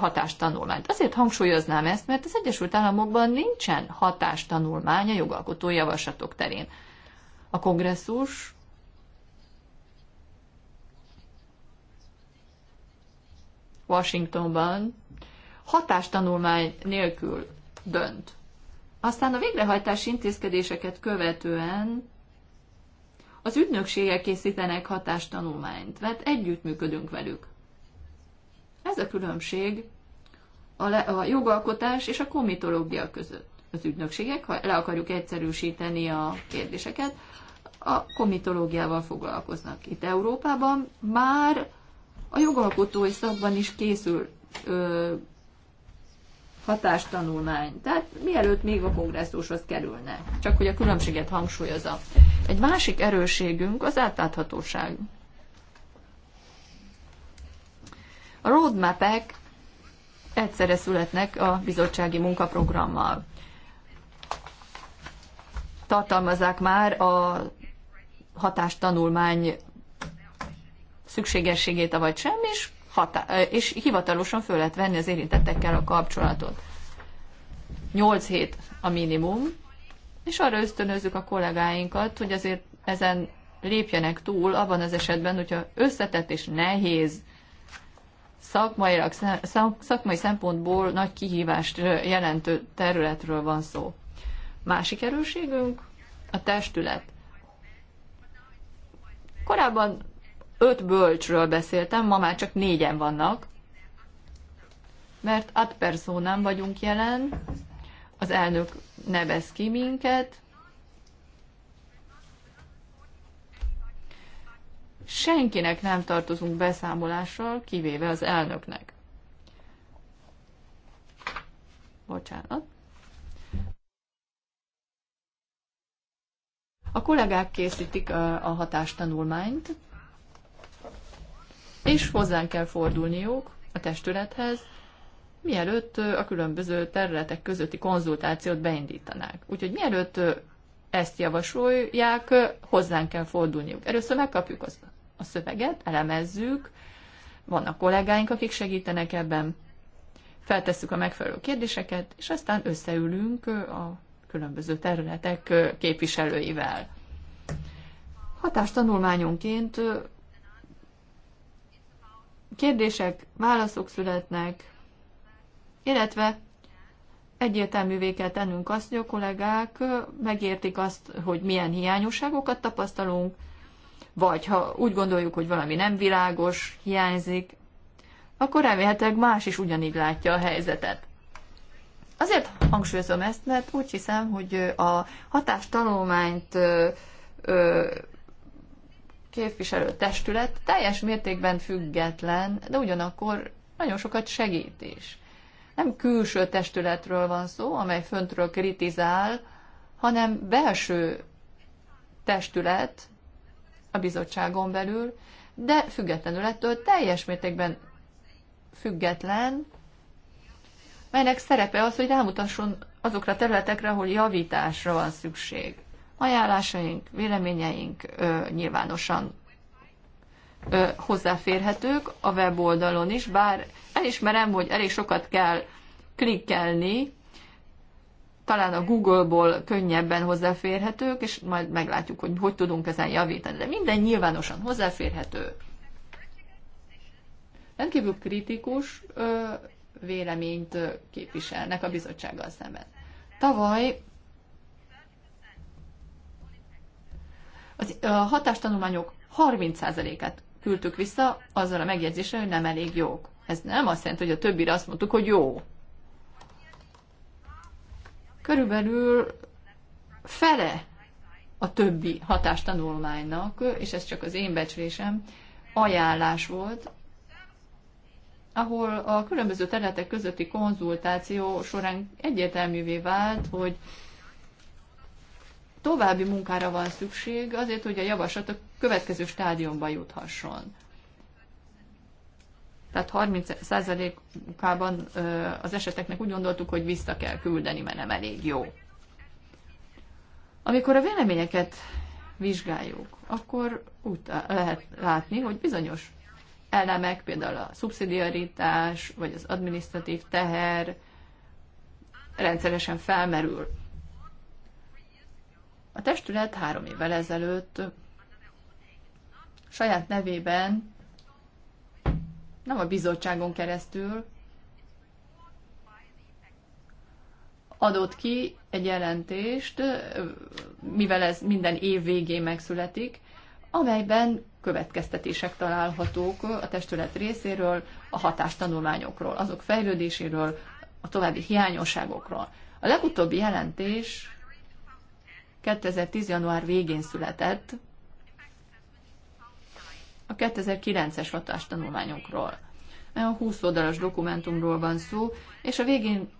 S3: hatástanulmányt. Azért hangsúlyoznám ezt, mert az Egyesült Államokban nincsen hatástanulmány a jogalkotó javaslatok terén. A kongresszus Washingtonban hatástanulmány nélkül dönt. Aztán a végrehajtási intézkedéseket követően az ügynökségek készítenek hatástanulmányt, mert működünk velük. Ez a különbség a, le, a jogalkotás és a komitológia között. Az ügynökségek, ha le akarjuk egyszerűsíteni a kérdéseket, a komitológiával foglalkoznak. Itt Európában már a jogalkotói szakban is készül ö, hatástanulmány. Tehát mielőtt még a kongresszushoz kerülne. Csak hogy a különbséget hangsúlyozza. Egy másik erőségünk az átláthatóság. A roadmap-ek egyszerre születnek a bizottsági munkaprogrammal. Tartalmazzák már a hatástanulmány szükségességét, vagy sem, és hatá- és hivatalosan föl lehet venni az érintettekkel a kapcsolatot. 8 hét a minimum, és arra ösztönözzük a kollégáinkat, hogy azért ezen lépjenek túl abban az esetben, hogyha összetett és nehéz szakmailag, szakmai szempontból nagy kihívást jelentő területről van szó. Másik erőségünk a testület. Korábban öt bölcsről beszéltem, ma már csak négyen vannak, mert ad personam vagyunk jelen, az elnök nevez ki minket, senkinek nem tartozunk beszámolással, kivéve az elnöknek. Bocsánat. A kollégák készítik a hatástanulmányt, és hozzánk kell fordulniuk a testülethez, mielőtt a különböző területek közötti konzultációt beindítanák. Úgyhogy mielőtt ezt javasolják, hozzánk kell fordulniuk. Először megkapjuk az, a szöveget, elemezzük, vannak kollégáink, akik segítenek ebben, feltesszük a megfelelő kérdéseket, és aztán összeülünk a különböző területek képviselőivel. Hatástanulmányunként kérdések, válaszok születnek, illetve egyértelművé kell tennünk azt, hogy a kollégák megértik azt, hogy milyen hiányosságokat tapasztalunk, vagy ha úgy gondoljuk, hogy valami nem világos, hiányzik, akkor remélhetőleg más is ugyanígy látja a helyzetet. Azért hangsúlyozom ezt, mert úgy hiszem, hogy a hatástanulmányt képviselő testület teljes mértékben független, de ugyanakkor nagyon sokat segít is. Nem külső testületről van szó, amely föntről kritizál, hanem belső testület a bizottságon belül, de függetlenül ettől teljes mértékben független, melynek szerepe az, hogy rámutasson azokra a területekre, ahol javításra van szükség. Ajánlásaink, véleményeink ö, nyilvánosan ö, hozzáférhetők a weboldalon is, bár elismerem, hogy elég sokat kell klikkelni, talán a Google-ból könnyebben hozzáférhetők, és majd meglátjuk, hogy hogy tudunk ezen javítani. De minden nyilvánosan hozzáférhető. Rendkívül kritikus ö, véleményt képviselnek a bizottsággal szemben. Tavaly Az, a hatástanulmányok 30%-át küldtük vissza azzal a megjegyzéssel, hogy nem elég jók. Ez nem azt jelenti, hogy a többire azt mondtuk, hogy jó. Körülbelül fele a többi hatástanulmánynak, és ez csak az én becslésem, ajánlás volt, ahol a különböző területek közötti konzultáció során egyértelművé vált, hogy további munkára van szükség azért, hogy a javaslat a következő stádiumba juthasson. Tehát 30%-ában az eseteknek úgy gondoltuk, hogy vissza kell küldeni, mert nem elég jó. Amikor a véleményeket vizsgáljuk, akkor úgy lehet látni, hogy bizonyos elemek, például a szubszidiaritás, vagy az administratív teher rendszeresen felmerül. A testület három évvel ezelőtt saját nevében, nem a bizottságon keresztül adott ki egy jelentést, mivel ez minden év végén megszületik, amelyben következtetések találhatók a testület részéről, a hatástanulmányokról, azok fejlődéséről, a további hiányosságokról. A legutóbbi jelentés 2010. január végén született a 2009-es tanulmányokról. A 20 oldalas dokumentumról van szó, és a végén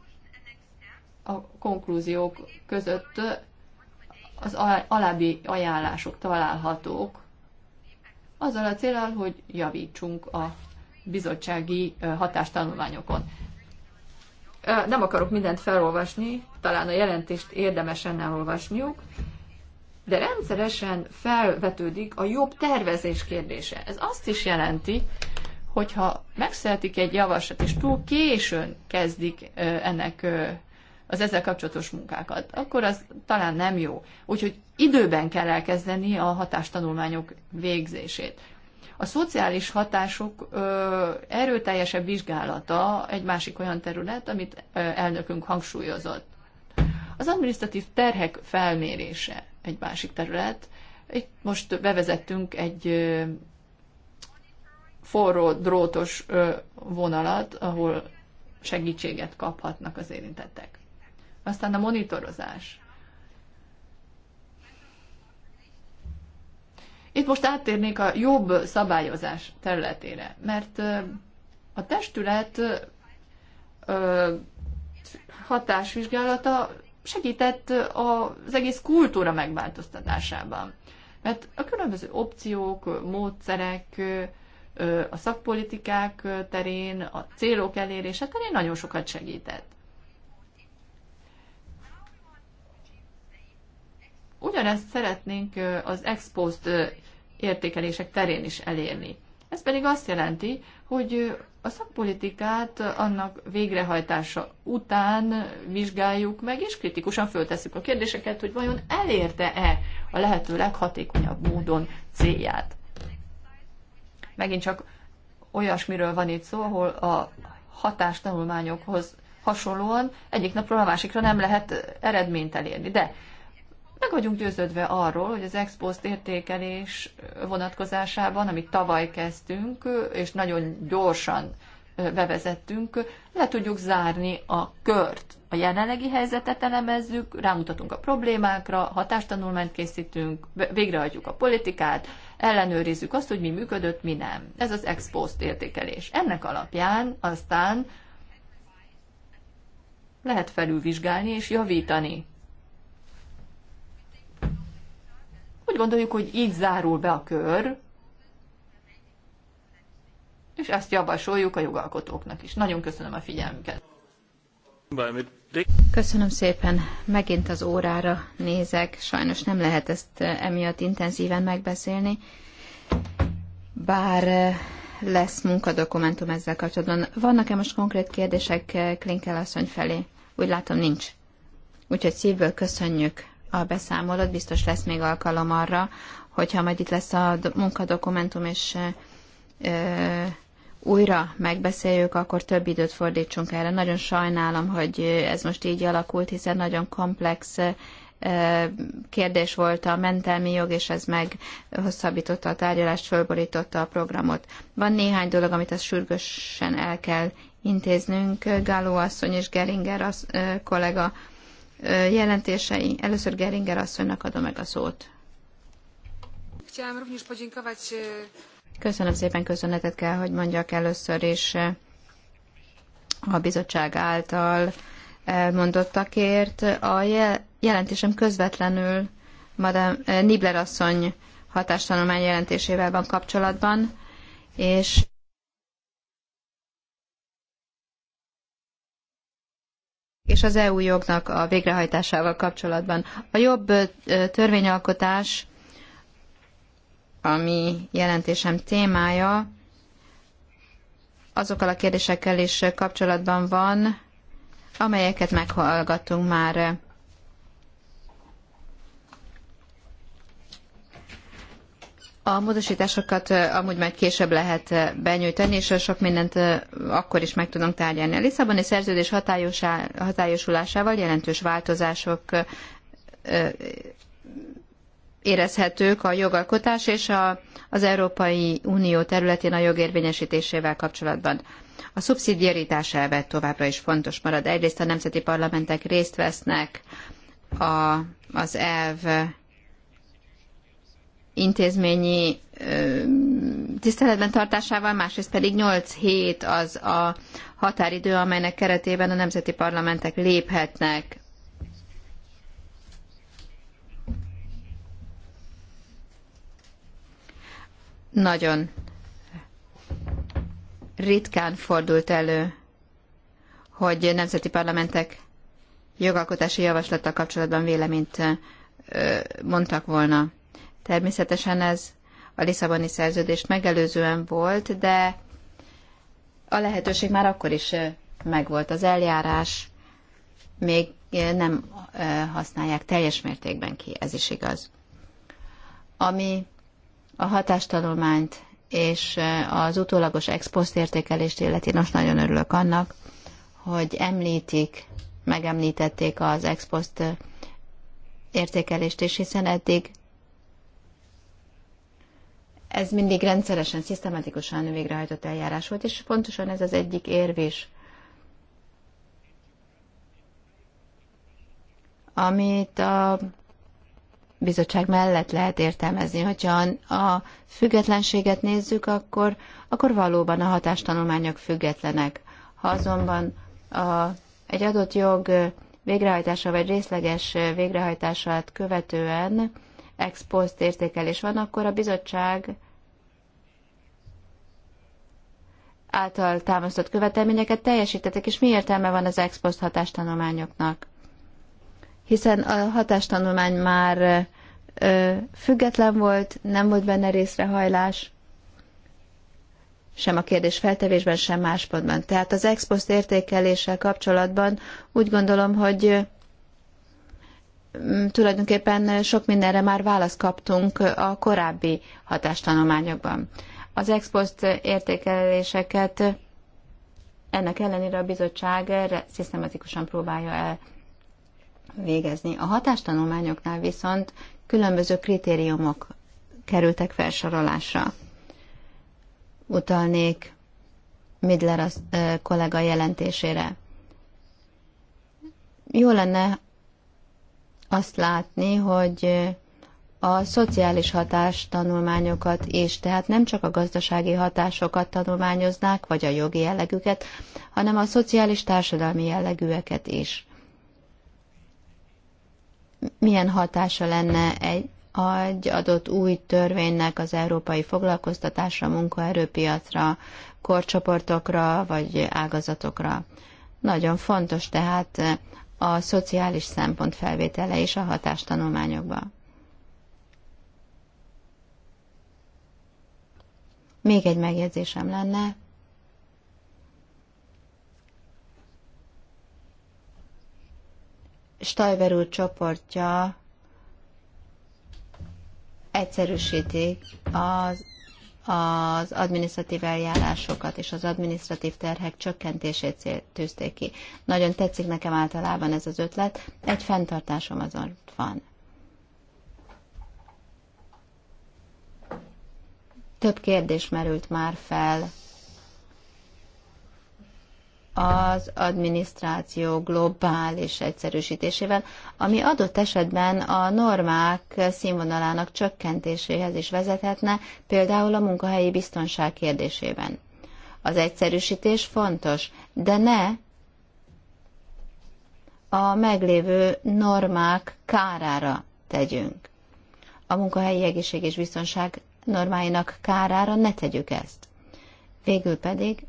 S3: a konklúziók között az alábbi ajánlások találhatók, azzal a célral, hogy javítsunk a bizottsági hatástanulmányokon. Nem akarok mindent felolvasni, talán a jelentést érdemesen elolvasniuk, de rendszeresen felvetődik a jobb tervezés kérdése. Ez azt is jelenti, hogyha megszületik egy javaslat, és túl későn kezdik ennek az ezzel kapcsolatos munkákat, akkor az talán nem jó. Úgyhogy időben kell elkezdeni a hatástanulmányok végzését. A szociális hatások erőteljesebb vizsgálata egy másik olyan terület, amit elnökünk hangsúlyozott. Az administratív terhek felmérése egy másik terület. Itt most bevezettünk egy forró drótos vonalat, ahol segítséget kaphatnak az érintettek. Aztán a monitorozás. Itt most áttérnék a jobb szabályozás területére, mert a testület hatásvizsgálata segített az egész kultúra megváltoztatásában. Mert a különböző opciók, módszerek, a szakpolitikák terén, a célok elérése terén nagyon sokat segített. Ugyanezt szeretnénk az expost értékelések terén is elérni. Ez pedig azt jelenti, hogy a szakpolitikát annak végrehajtása után vizsgáljuk meg, és kritikusan föltesszük a kérdéseket, hogy vajon elérte-e a lehető leghatékonyabb módon célját. Megint csak olyasmiről van itt szó, ahol a hatástanulmányokhoz hasonlóan egyik napról a másikra nem lehet eredményt elérni. De meg vagyunk győződve arról, hogy az expost értékelés vonatkozásában, amit tavaly kezdtünk, és nagyon gyorsan bevezettünk, le tudjuk zárni a kört. A jelenlegi helyzetet elemezzük, rámutatunk a problémákra, hatástanulmányt készítünk, végrehajtjuk a politikát, ellenőrizzük azt, hogy mi működött, mi nem. Ez az ex post értékelés. Ennek alapján aztán lehet felülvizsgálni és javítani Úgy gondoljuk, hogy így zárul be a kör, és ezt javasoljuk a
S1: jogalkotóknak is. Nagyon köszönöm a figyelmüket. Köszönöm szépen. Megint az órára nézek. Sajnos nem lehet ezt eh, emiatt intenzíven megbeszélni. Bár eh, lesz munkadokumentum ezzel kapcsolatban. Vannak-e most konkrét kérdések eh, Klinkel asszony felé? Úgy látom, nincs. Úgyhogy szívből köszönjük a beszámolót, biztos lesz még alkalom arra, hogyha majd itt lesz a munkadokumentum, és ö, újra megbeszéljük, akkor több időt fordítsunk erre. Nagyon sajnálom, hogy ez most így alakult, hiszen nagyon komplex kérdés volt a mentelmi jog, és ez hosszabbította a tárgyalást, fölborította a programot. Van néhány dolog, amit ezt sürgősen el kell intéznünk. Gáló asszony és Geringer az, kollega jelentései. Először Geringer asszonynak adom meg a szót. E, Köszönöm szépen, köszönetet kell, hogy mondjak először is e, a bizottság által elmondottakért. A jelentésem közvetlenül Madame e, Nibler asszony hatástanulmány jelentésével van kapcsolatban, és és az EU jognak a végrehajtásával kapcsolatban. A jobb törvényalkotás, ami jelentésem témája, azokkal a kérdésekkel is kapcsolatban van, amelyeket meghallgattunk már. A módosításokat amúgy majd később lehet benyújtani, és sok mindent akkor is meg tudunk tárgyalni. A Lisszaboni szerződés hatályosulásával jelentős változások érezhetők a jogalkotás és a, az Európai Unió területén a jogérvényesítésével kapcsolatban. A szubszidiaritás elve továbbra is fontos marad. Egyrészt a nemzeti parlamentek részt vesznek a, az elv intézményi tiszteletben tartásával, másrészt pedig 8 hét az a határidő, amelynek keretében a nemzeti parlamentek léphetnek nagyon ritkán fordult elő, hogy nemzeti parlamentek jogalkotási javaslattal kapcsolatban véleményt mondtak volna. Természetesen ez a Lisszaboni szerződést megelőzően volt, de a lehetőség már akkor is megvolt. Az eljárás még nem használják teljes mértékben ki, ez is igaz. Ami a hatástanulmányt és az utólagos exposzt értékelést illeti, most nagyon örülök annak, hogy említik, megemlítették az exposzt értékelést, és hiszen eddig ez mindig rendszeresen, szisztematikusan végrehajtott eljárás volt, és pontosan ez az egyik érv is, amit a bizottság mellett lehet értelmezni. Hogyha a függetlenséget nézzük, akkor, akkor valóban a hatástanulmányok függetlenek. Ha azonban a, egy adott jog végrehajtása vagy részleges végrehajtását követően ex post értékelés van, akkor a bizottság által támasztott követelményeket teljesítettek, és mi értelme van az ex post hatástanulmányoknak? Hiszen a hatástanulmány már ö, független volt, nem volt benne részrehajlás, sem a kérdés feltevésben, sem más pontban. Tehát az ex post értékeléssel kapcsolatban úgy gondolom, hogy Mm, tulajdonképpen sok mindenre már választ kaptunk a korábbi hatástanulmányokban. Az expost értékeléseket ennek ellenére a bizottság szisztematikusan próbálja el végezni. A hatástanulmányoknál viszont különböző kritériumok kerültek felsorolásra. Utalnék Midler az, kollega jelentésére. Jó lenne, azt látni, hogy a szociális hatástanulmányokat, tanulmányokat és tehát nem csak a gazdasági hatásokat tanulmányoznák, vagy a jogi jellegüket, hanem a szociális társadalmi jellegűeket is. Milyen hatása lenne egy, egy adott új törvénynek az európai foglalkoztatásra, munkaerőpiacra, korcsoportokra vagy ágazatokra? Nagyon fontos tehát a szociális szempont felvétele és a hatástanulmányokba. Még egy megjegyzésem lenne. Stajver úr csoportja egyszerűsíti az az adminisztratív eljárásokat és az adminisztratív terhek csökkentését tűzték ki. Nagyon tetszik nekem általában ez az ötlet, egy fenntartásom azon van. Több kérdés merült már fel az adminisztráció globális egyszerűsítésével, ami adott esetben a normák színvonalának csökkentéséhez is vezethetne, például a munkahelyi biztonság kérdésében. Az egyszerűsítés fontos, de ne a meglévő normák kárára tegyünk. A munkahelyi egészség és biztonság normáinak kárára ne tegyük ezt. Végül pedig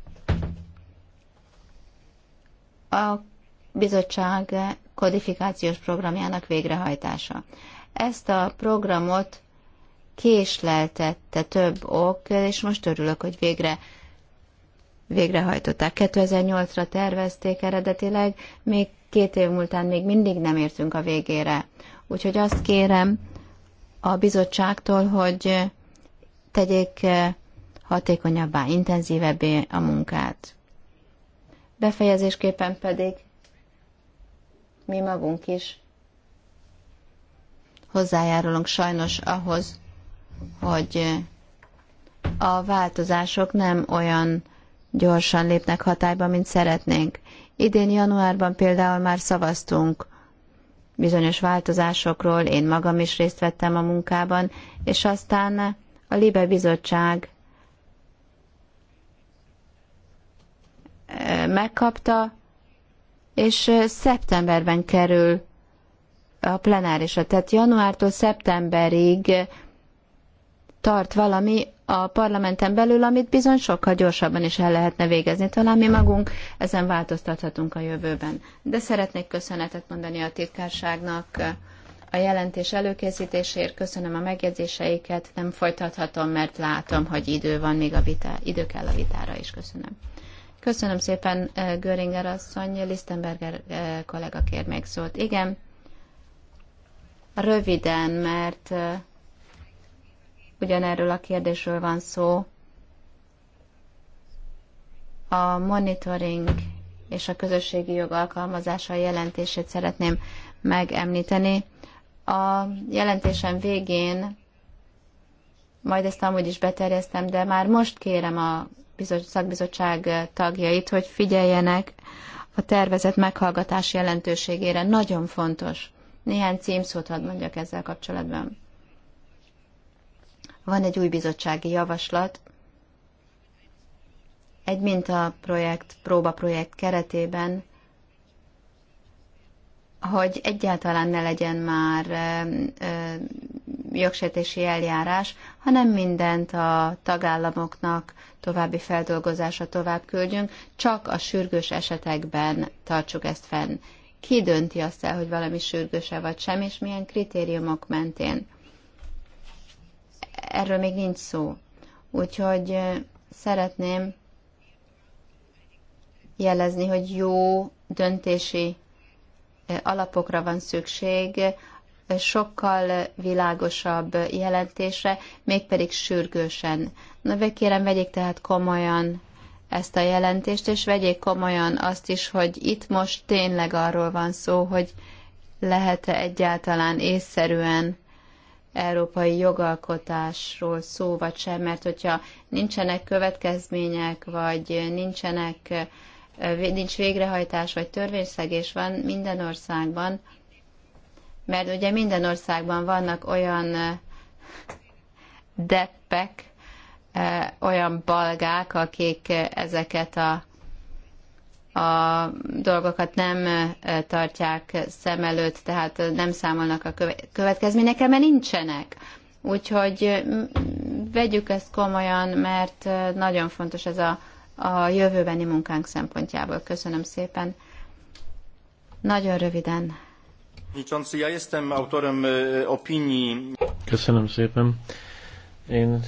S1: a bizottság kodifikációs programjának végrehajtása. Ezt a programot késleltette több ok, és most örülök, hogy végre végrehajtották. 2008-ra tervezték eredetileg, még két év múltán még mindig nem értünk a végére. Úgyhogy azt kérem a bizottságtól, hogy tegyék hatékonyabbá, intenzívebbé a munkát. Befejezésképpen pedig mi magunk is hozzájárulunk sajnos ahhoz, hogy a változások nem olyan gyorsan lépnek hatályba, mint szeretnénk. Idén januárban például már szavaztunk bizonyos változásokról, én magam is részt vettem a munkában, és aztán a Libe Bizottság megkapta, és szeptemberben kerül a plenárisra. Tehát januártól szeptemberig tart valami a parlamenten belül, amit bizony sokkal gyorsabban is el lehetne végezni. Talán mi magunk ezen változtathatunk a jövőben. De szeretnék köszönetet mondani a titkárságnak a jelentés előkészítésért. Köszönöm a megjegyzéseiket. Nem folytathatom, mert látom, hogy idő van még a vitá, idő kell a vitára is. Köszönöm. Köszönöm szépen, eh, Göringer asszony. Lisztenberger eh, kollega kér még szólt. Igen, röviden, mert eh, ugyanerről a kérdésről van szó. A monitoring és a közösségi jog alkalmazása jelentését szeretném megemlíteni. A jelentésem végén, majd ezt amúgy is beterjesztem, de már most kérem a szakbizottság eh, tagjait, hogy figyeljenek a tervezett meghallgatás jelentőségére. Nagyon fontos. Néhány címszót hadd mondjak ezzel kapcsolatban. Van egy új bizottsági javaslat, egy mintaprojekt, próbaprojekt keretében, hogy egyáltalán ne legyen már eh, eh, jogsértési eljárás, hanem mindent a tagállamoknak további feldolgozásra tovább küldjünk, csak a sürgős esetekben tartsuk ezt fenn. Ki dönti azt el, hogy valami sürgőse vagy sem, és milyen kritériumok mentén? Erről még nincs szó. Úgyhogy szeretném jelezni, hogy jó döntési alapokra van szükség sokkal világosabb jelentésre, mégpedig sürgősen. Na, kérem, vegyék tehát komolyan ezt a jelentést, és vegyék komolyan azt is, hogy itt most tényleg arról van szó, hogy lehet-e egyáltalán észszerűen európai jogalkotásról szó vagy sem, mert hogyha nincsenek következmények, vagy nincsenek, nincs végrehajtás, vagy törvényszegés van minden országban, mert ugye minden országban vannak olyan deppek, olyan balgák, akik ezeket a, a dolgokat nem tartják szem előtt, tehát nem számolnak a következményekkel, mert nincsenek. Úgyhogy vegyük ezt komolyan, mert nagyon fontos ez a, a jövőbeni munkánk szempontjából. Köszönöm szépen. Nagyon röviden
S2: E, Köszönöm szépen. Én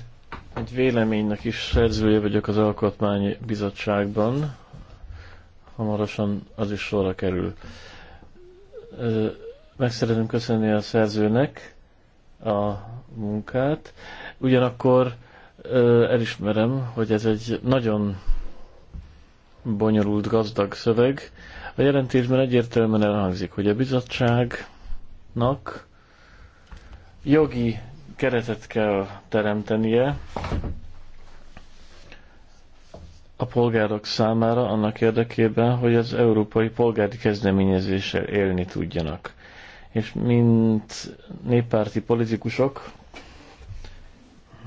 S2: egy véleménynek is szerzője vagyok az Alkotmány Bizottságban. Hamarosan az is sorra kerül. Meg szeretném köszönni a szerzőnek a munkát. Ugyanakkor elismerem, hogy ez egy nagyon bonyolult, gazdag szöveg, a jelentésben egyértelműen elhangzik, hogy a bizottságnak jogi keretet kell teremtenie a polgárok számára annak érdekében, hogy az európai polgári kezdeményezéssel élni tudjanak. És mint néppárti politikusok,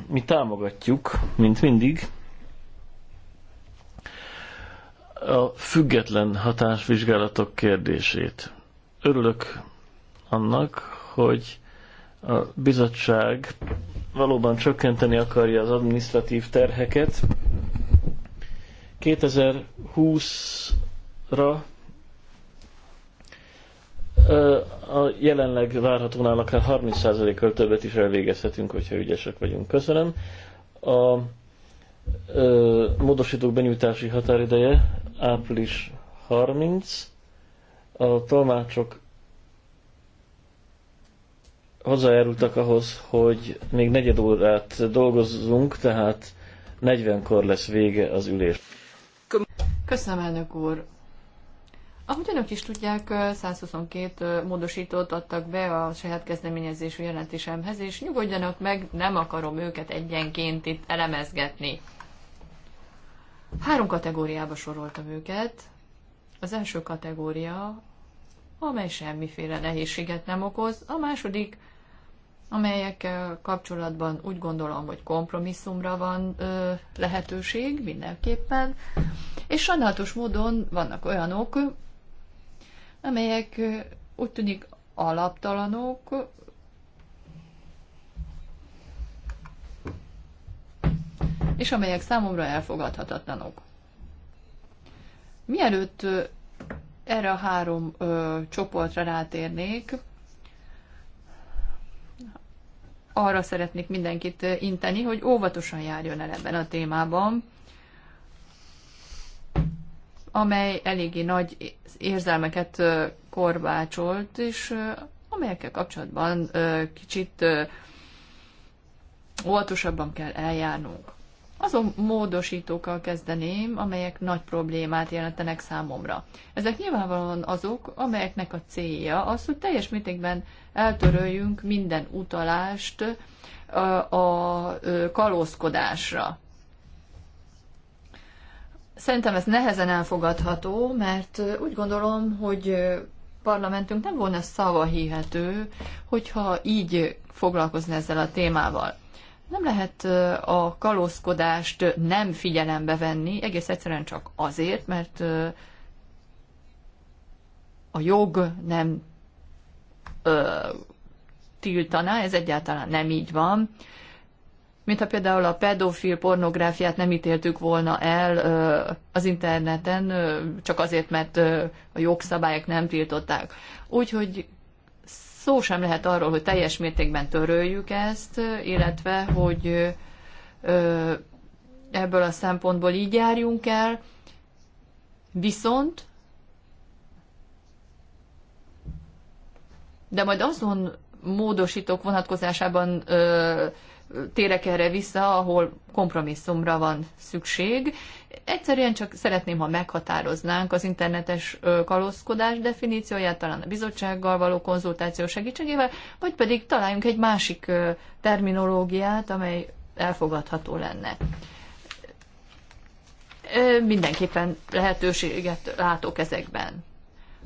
S2: mi támogatjuk, mint mindig, a független hatásvizsgálatok kérdését. Örülök annak, hogy a bizottság valóban csökkenteni akarja az administratív terheket. 2020-ra a jelenleg várhatónál akár 30%-kal többet is elvégezhetünk, hogyha ügyesek vagyunk. Köszönöm. A módosítók benyújtási határideje április 30. A tolmácsok hozzájárultak ahhoz, hogy még negyed órát dolgozzunk, tehát 40-kor lesz vége az ülés.
S3: Köszönöm, elnök úr! Ahogy önök is tudják, 122 módosítót adtak be a saját kezdeményezésű jelentésemhez, és nyugodjanak meg, nem akarom őket egyenként itt elemezgetni. Három kategóriába soroltam őket. Az első kategória, amely semmiféle nehézséget nem okoz, a második, amelyekkel kapcsolatban úgy gondolom, hogy kompromisszumra van ö, lehetőség mindenképpen, és sajnálatos módon vannak olyanok, amelyek úgy tűnik alaptalanok, és amelyek számomra elfogadhatatlanok. Mielőtt erre a három ö, csoportra rátérnék, arra szeretnék mindenkit inteni, hogy óvatosan járjon el ebben a témában, amely eléggé nagy érzelmeket korbácsolt, és amelyekkel kapcsolatban kicsit óvatosabban kell eljárnunk azon módosítókkal kezdeném, amelyek nagy problémát jelentenek számomra. Ezek nyilvánvalóan azok, amelyeknek a célja az, hogy teljes mértékben eltöröljünk minden utalást a kalózkodásra. Szerintem ez nehezen elfogadható, mert úgy gondolom, hogy parlamentünk nem volna szava hihető, hogyha így foglalkozna ezzel a témával. Nem lehet a kalózkodást nem figyelembe venni, egész egyszerűen csak azért, mert a jog nem ö, tiltaná, ez egyáltalán nem így van. Mint ha például a pedofil pornográfiát nem ítéltük volna el ö, az interneten, ö, csak azért, mert ö, a jogszabályok nem tiltották. Úgyhogy szó sem lehet arról, hogy teljes mértékben töröljük ezt, illetve hogy ebből a szempontból így járjunk el, viszont de majd azon módosítók vonatkozásában ö, térek erre vissza, ahol kompromisszumra van szükség, Egyszerűen csak szeretném, ha meghatároznánk az internetes kalózkodás definícióját, talán a bizottsággal való konzultáció segítségével, vagy pedig találjunk egy másik terminológiát, amely elfogadható lenne. Mindenképpen lehetőséget látok ezekben.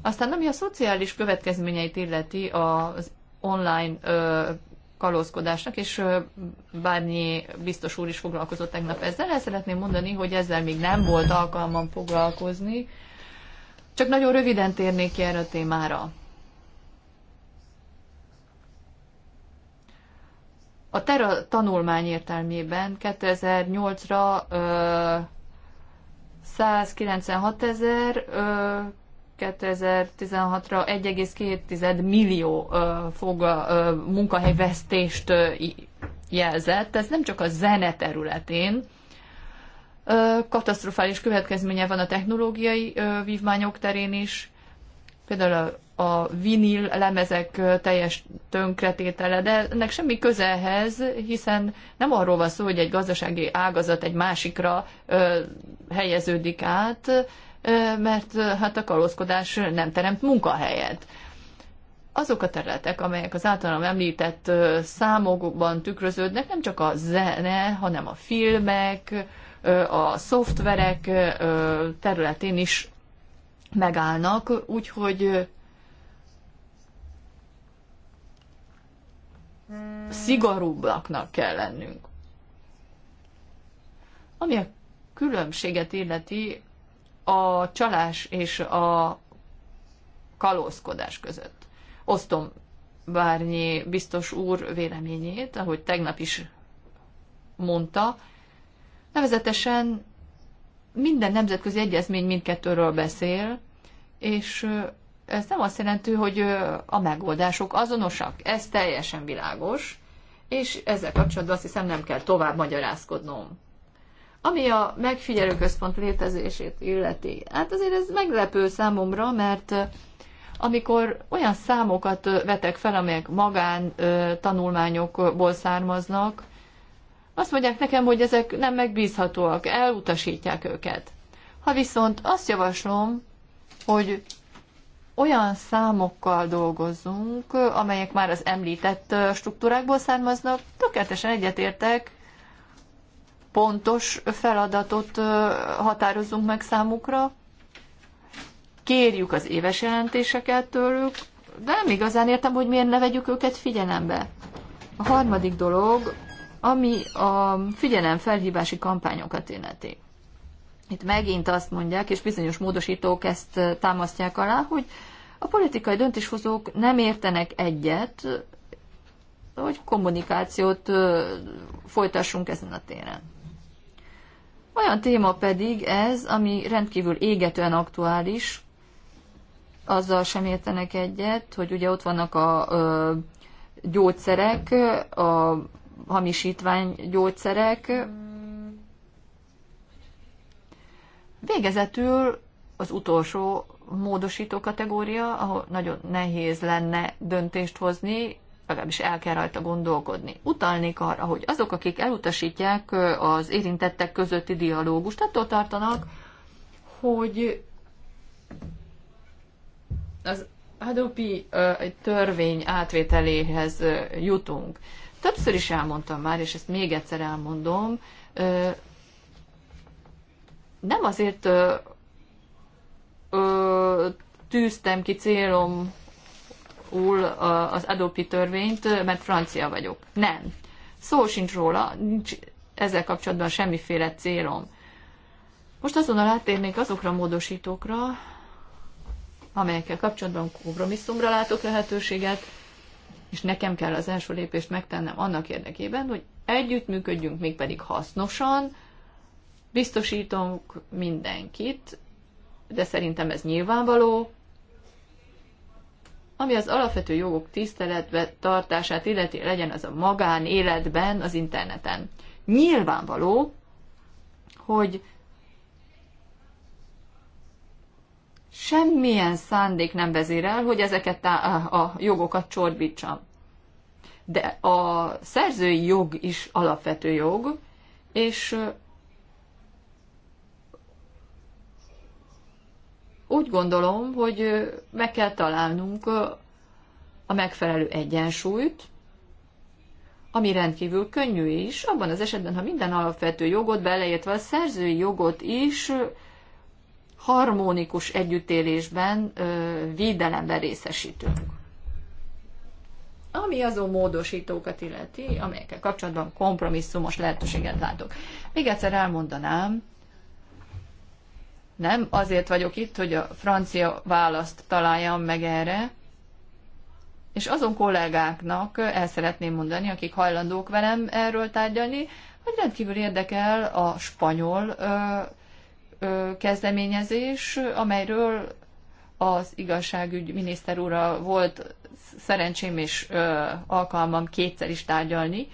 S3: Aztán ami a szociális következményeit illeti az online kalózkodásnak, és Bárnyi biztos úr is foglalkozott tegnap ezzel. El szeretném mondani, hogy ezzel még nem volt alkalmam foglalkozni, csak nagyon röviden térnék ki erre a témára. A terra tanulmány értelmében 2008-ra 196 ezer 2016-ra 1,2 millió fog munkahelyvesztést jelzett. Ez nem csak a zene területén, katasztrofális következménye van a technológiai vívmányok terén is, például a, vinil lemezek teljes tönkretétele, de ennek semmi közelhez, hiszen nem arról van szó, hogy egy gazdasági ágazat egy másikra helyeződik át, mert hát a kalózkodás nem teremt munkahelyet. Azok a területek, amelyek az általam említett számokban tükröződnek, nem csak a zene, hanem a filmek, a szoftverek területén is megállnak, úgyhogy szigorúbbaknak kell lennünk. Ami a különbséget illeti a csalás és a kalózkodás között. Osztom Bárnyi biztos úr véleményét, ahogy tegnap is mondta, nevezetesen minden nemzetközi egyezmény mindkettőről beszél, és ez nem azt jelenti, hogy a megoldások azonosak. Ez teljesen világos, és ezzel kapcsolatban azt hiszem nem kell tovább magyarázkodnom. Ami a központ létezését illeti, hát azért ez meglepő számomra, mert amikor olyan számokat vetek fel, amelyek magán tanulmányokból származnak, azt mondják nekem, hogy ezek nem megbízhatóak, elutasítják őket. Ha viszont azt javaslom, hogy olyan számokkal dolgozzunk, amelyek már az említett struktúrákból származnak, tökéletesen egyetértek pontos feladatot határozunk meg számukra, kérjük az éves jelentéseket tőlük, de nem igazán értem, hogy miért ne vegyük őket figyelembe. A harmadik dolog, ami a figyelem felhívási kampányokat illeti. Itt megint azt mondják, és bizonyos módosítók ezt támasztják alá, hogy a politikai döntéshozók nem értenek egyet, hogy kommunikációt folytassunk ezen a téren. Olyan téma pedig ez, ami rendkívül égetően aktuális, azzal sem értenek egyet, hogy ugye ott vannak a ö, gyógyszerek, a hamisítvány gyógyszerek. Végezetül az utolsó módosító kategória, ahol nagyon nehéz lenne döntést hozni, legalábbis el kell rajta gondolkodni. Utalnék arra, hogy azok, akik elutasítják az érintettek közötti dialógust, attól tartanak, hogy az Hadopi törvény átvételéhez jutunk. Többször is elmondtam már, és ezt még egyszer elmondom, nem azért tűztem ki célom magyarul az Adopi törvényt, mert francia vagyok. Nem. Szó sincs róla, nincs ezzel kapcsolatban semmiféle célom. Most azonnal áttérnék azokra a módosítókra, amelyekkel kapcsolatban kompromisszumra látok lehetőséget, és nekem kell az első lépést megtennem annak érdekében, hogy együttműködjünk, mégpedig hasznosan, biztosítunk mindenkit, de szerintem ez nyilvánvaló, ami az alapvető jogok tiszteletbe tartását illeti, legyen az a magánéletben, az interneten. Nyilvánvaló, hogy semmilyen szándék nem vezérel, hogy ezeket a jogokat csorbítsam. De a szerzői jog is alapvető jog, és úgy gondolom, hogy meg kell találnunk a megfelelő egyensúlyt, ami rendkívül könnyű is, abban az esetben, ha minden alapvető jogot, beleértve a szerzői jogot is harmonikus együttélésben védelemben részesítünk. Ami azon módosítókat illeti, amelyekkel kapcsolatban kompromisszumos lehetőséget látok. Még egyszer elmondanám, nem azért vagyok itt, hogy a francia választ találjam meg erre, és azon kollégáknak el szeretném mondani, akik hajlandók velem erről tárgyalni, hogy rendkívül érdekel a spanyol ö, ö, kezdeményezés, amelyről az igazságügy miniszter úra volt szerencsém és ö, alkalmam kétszer is tárgyalni,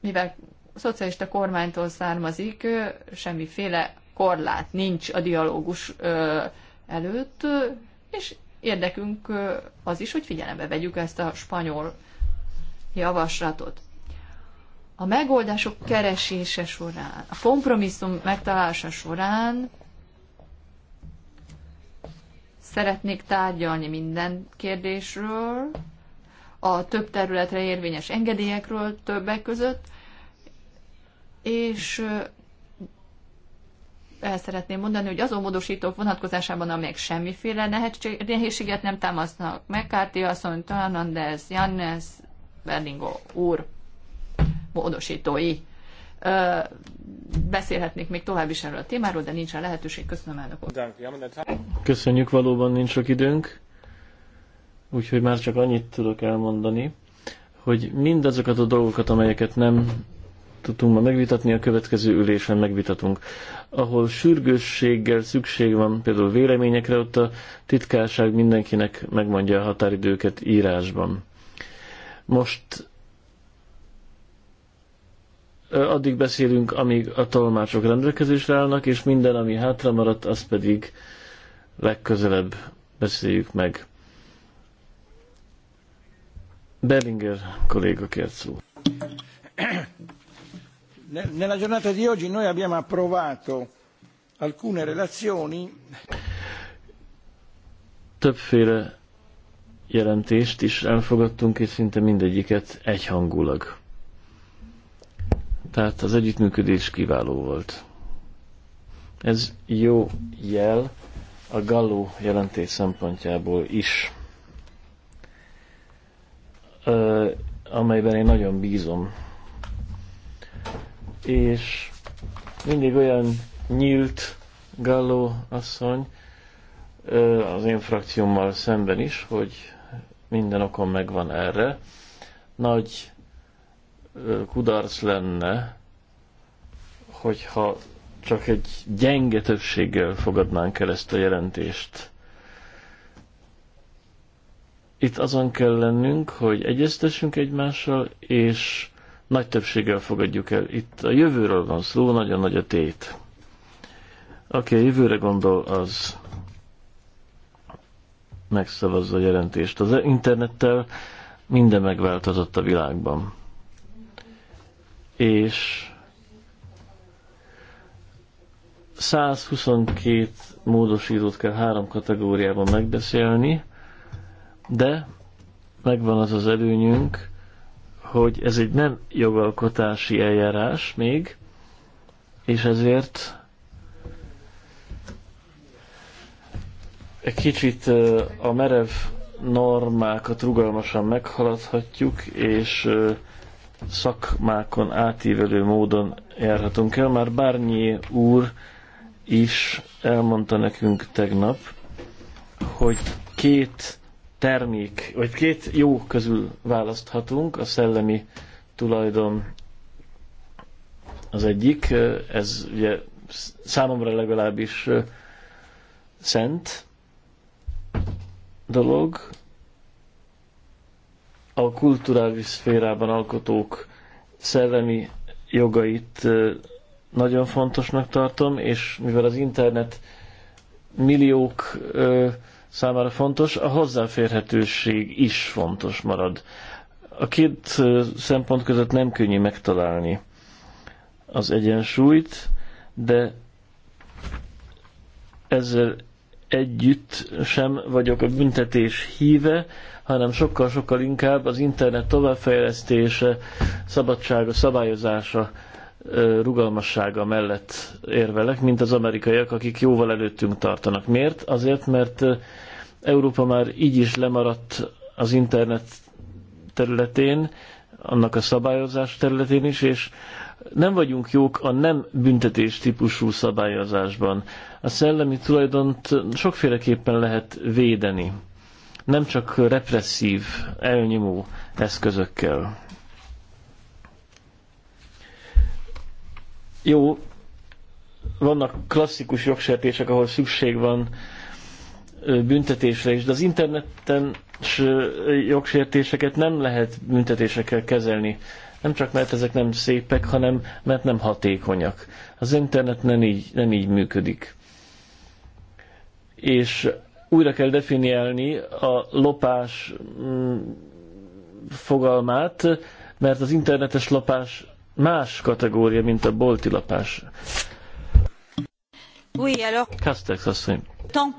S3: mivel szocialista kormánytól származik, semmiféle korlát nincs a dialógus előtt, és érdekünk az is, hogy figyelembe vegyük ezt a spanyol javaslatot. A megoldások keresése során, a kompromisszum megtalálása során szeretnék tárgyalni minden kérdésről, a több területre érvényes engedélyekről többek között, és el szeretném mondani, hogy azon módosítók vonatkozásában, amelyek semmiféle nehézséget nem támasznak, McCarthy asszony, Talanandez, Jannes, Berlingo úr módosítói. Ö, beszélhetnék még tovább is erről a témáról, de nincsen lehetőség. Köszönöm, elnök
S2: Köszönjük, valóban nincs sok időnk, úgyhogy már csak annyit tudok elmondani, hogy mindazokat a dolgokat, amelyeket nem tudtunk ma megvitatni, a következő ülésen megvitatunk. Ahol sürgősséggel szükség van például véleményekre, ott a titkárság mindenkinek megmondja a határidőket írásban. Most addig beszélünk, amíg a tolmácsok rendelkezésre állnak, és minden, ami hátra maradt, az pedig legközelebb beszéljük meg. Bellinger kolléga kért szó. Nella giornata di oggi noi abbiamo approvato alcune
S3: relazioni.
S2: Többféle jelentést is elfogadtunk, és szinte mindegyiket egyhangulag. Tehát az együttműködés kiváló volt. Ez jó jel a Galló jelentés szempontjából is, amelyben én nagyon bízom és mindig olyan nyílt Galló asszony az én frakciómmal szemben is, hogy minden okom megvan erre. Nagy kudarc lenne, hogyha csak egy gyenge többséggel fogadnánk el ezt a jelentést. Itt azon kell lennünk, hogy egyeztessünk egymással, és nagy többséggel fogadjuk el. Itt a jövőről van szó, nagyon nagy a tét. Aki a jövőre gondol, az megszavazza a jelentést. Az internettel minden megváltozott a világban. És 122 módosítót kell három kategóriában megbeszélni, de megvan az az előnyünk, hogy ez egy nem jogalkotási eljárás még, és ezért egy kicsit a merev normákat rugalmasan meghaladhatjuk, és szakmákon átívelő módon járhatunk el. Már Bárnyi úr is elmondta nekünk tegnap, hogy két termék, vagy két jó közül választhatunk, a szellemi tulajdon az egyik, ez ugye számomra legalábbis szent dolog. A kulturális szférában alkotók szellemi jogait nagyon fontosnak tartom, és mivel az internet milliók számára fontos, a hozzáférhetőség is fontos marad. A két szempont között nem könnyű megtalálni az egyensúlyt, de ezzel együtt sem vagyok a büntetés híve, hanem sokkal-sokkal inkább az internet továbbfejlesztése, szabadsága, szabályozása, rugalmassága mellett érvelek, mint az amerikaiak, akik jóval előttünk tartanak. Miért? Azért, mert Európa már így is lemaradt az internet területén, annak a szabályozás területén is, és nem vagyunk jók a nem büntetés típusú szabályozásban. A szellemi tulajdont sokféleképpen lehet védeni, nem csak represszív, elnyomó eszközökkel. Jó, vannak klasszikus jogsértések, ahol szükség van büntetésre is, de az interneten jogsértéseket nem lehet büntetésekkel kezelni. Nem csak mert ezek nem szépek, hanem mert nem hatékonyak. Az internet nem így, nem így működik. És újra kell definiálni a lopás mm, fogalmát, mert az internetes lopás más kategória, mint a bolti lopás. Oui, alors... Kastex asszony.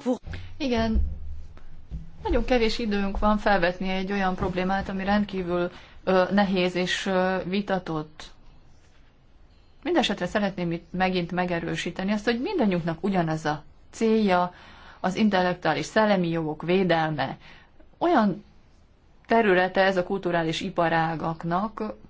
S3: Pour... Igen, nagyon kevés időnk van felvetni egy olyan problémát, ami rendkívül ö, nehéz és ö, vitatott. Mindenesetre szeretném itt megint megerősíteni azt, hogy mindannyiunknak ugyanaz a célja, az intellektuális szellemi jogok védelme. Olyan területe ez a kulturális iparágaknak,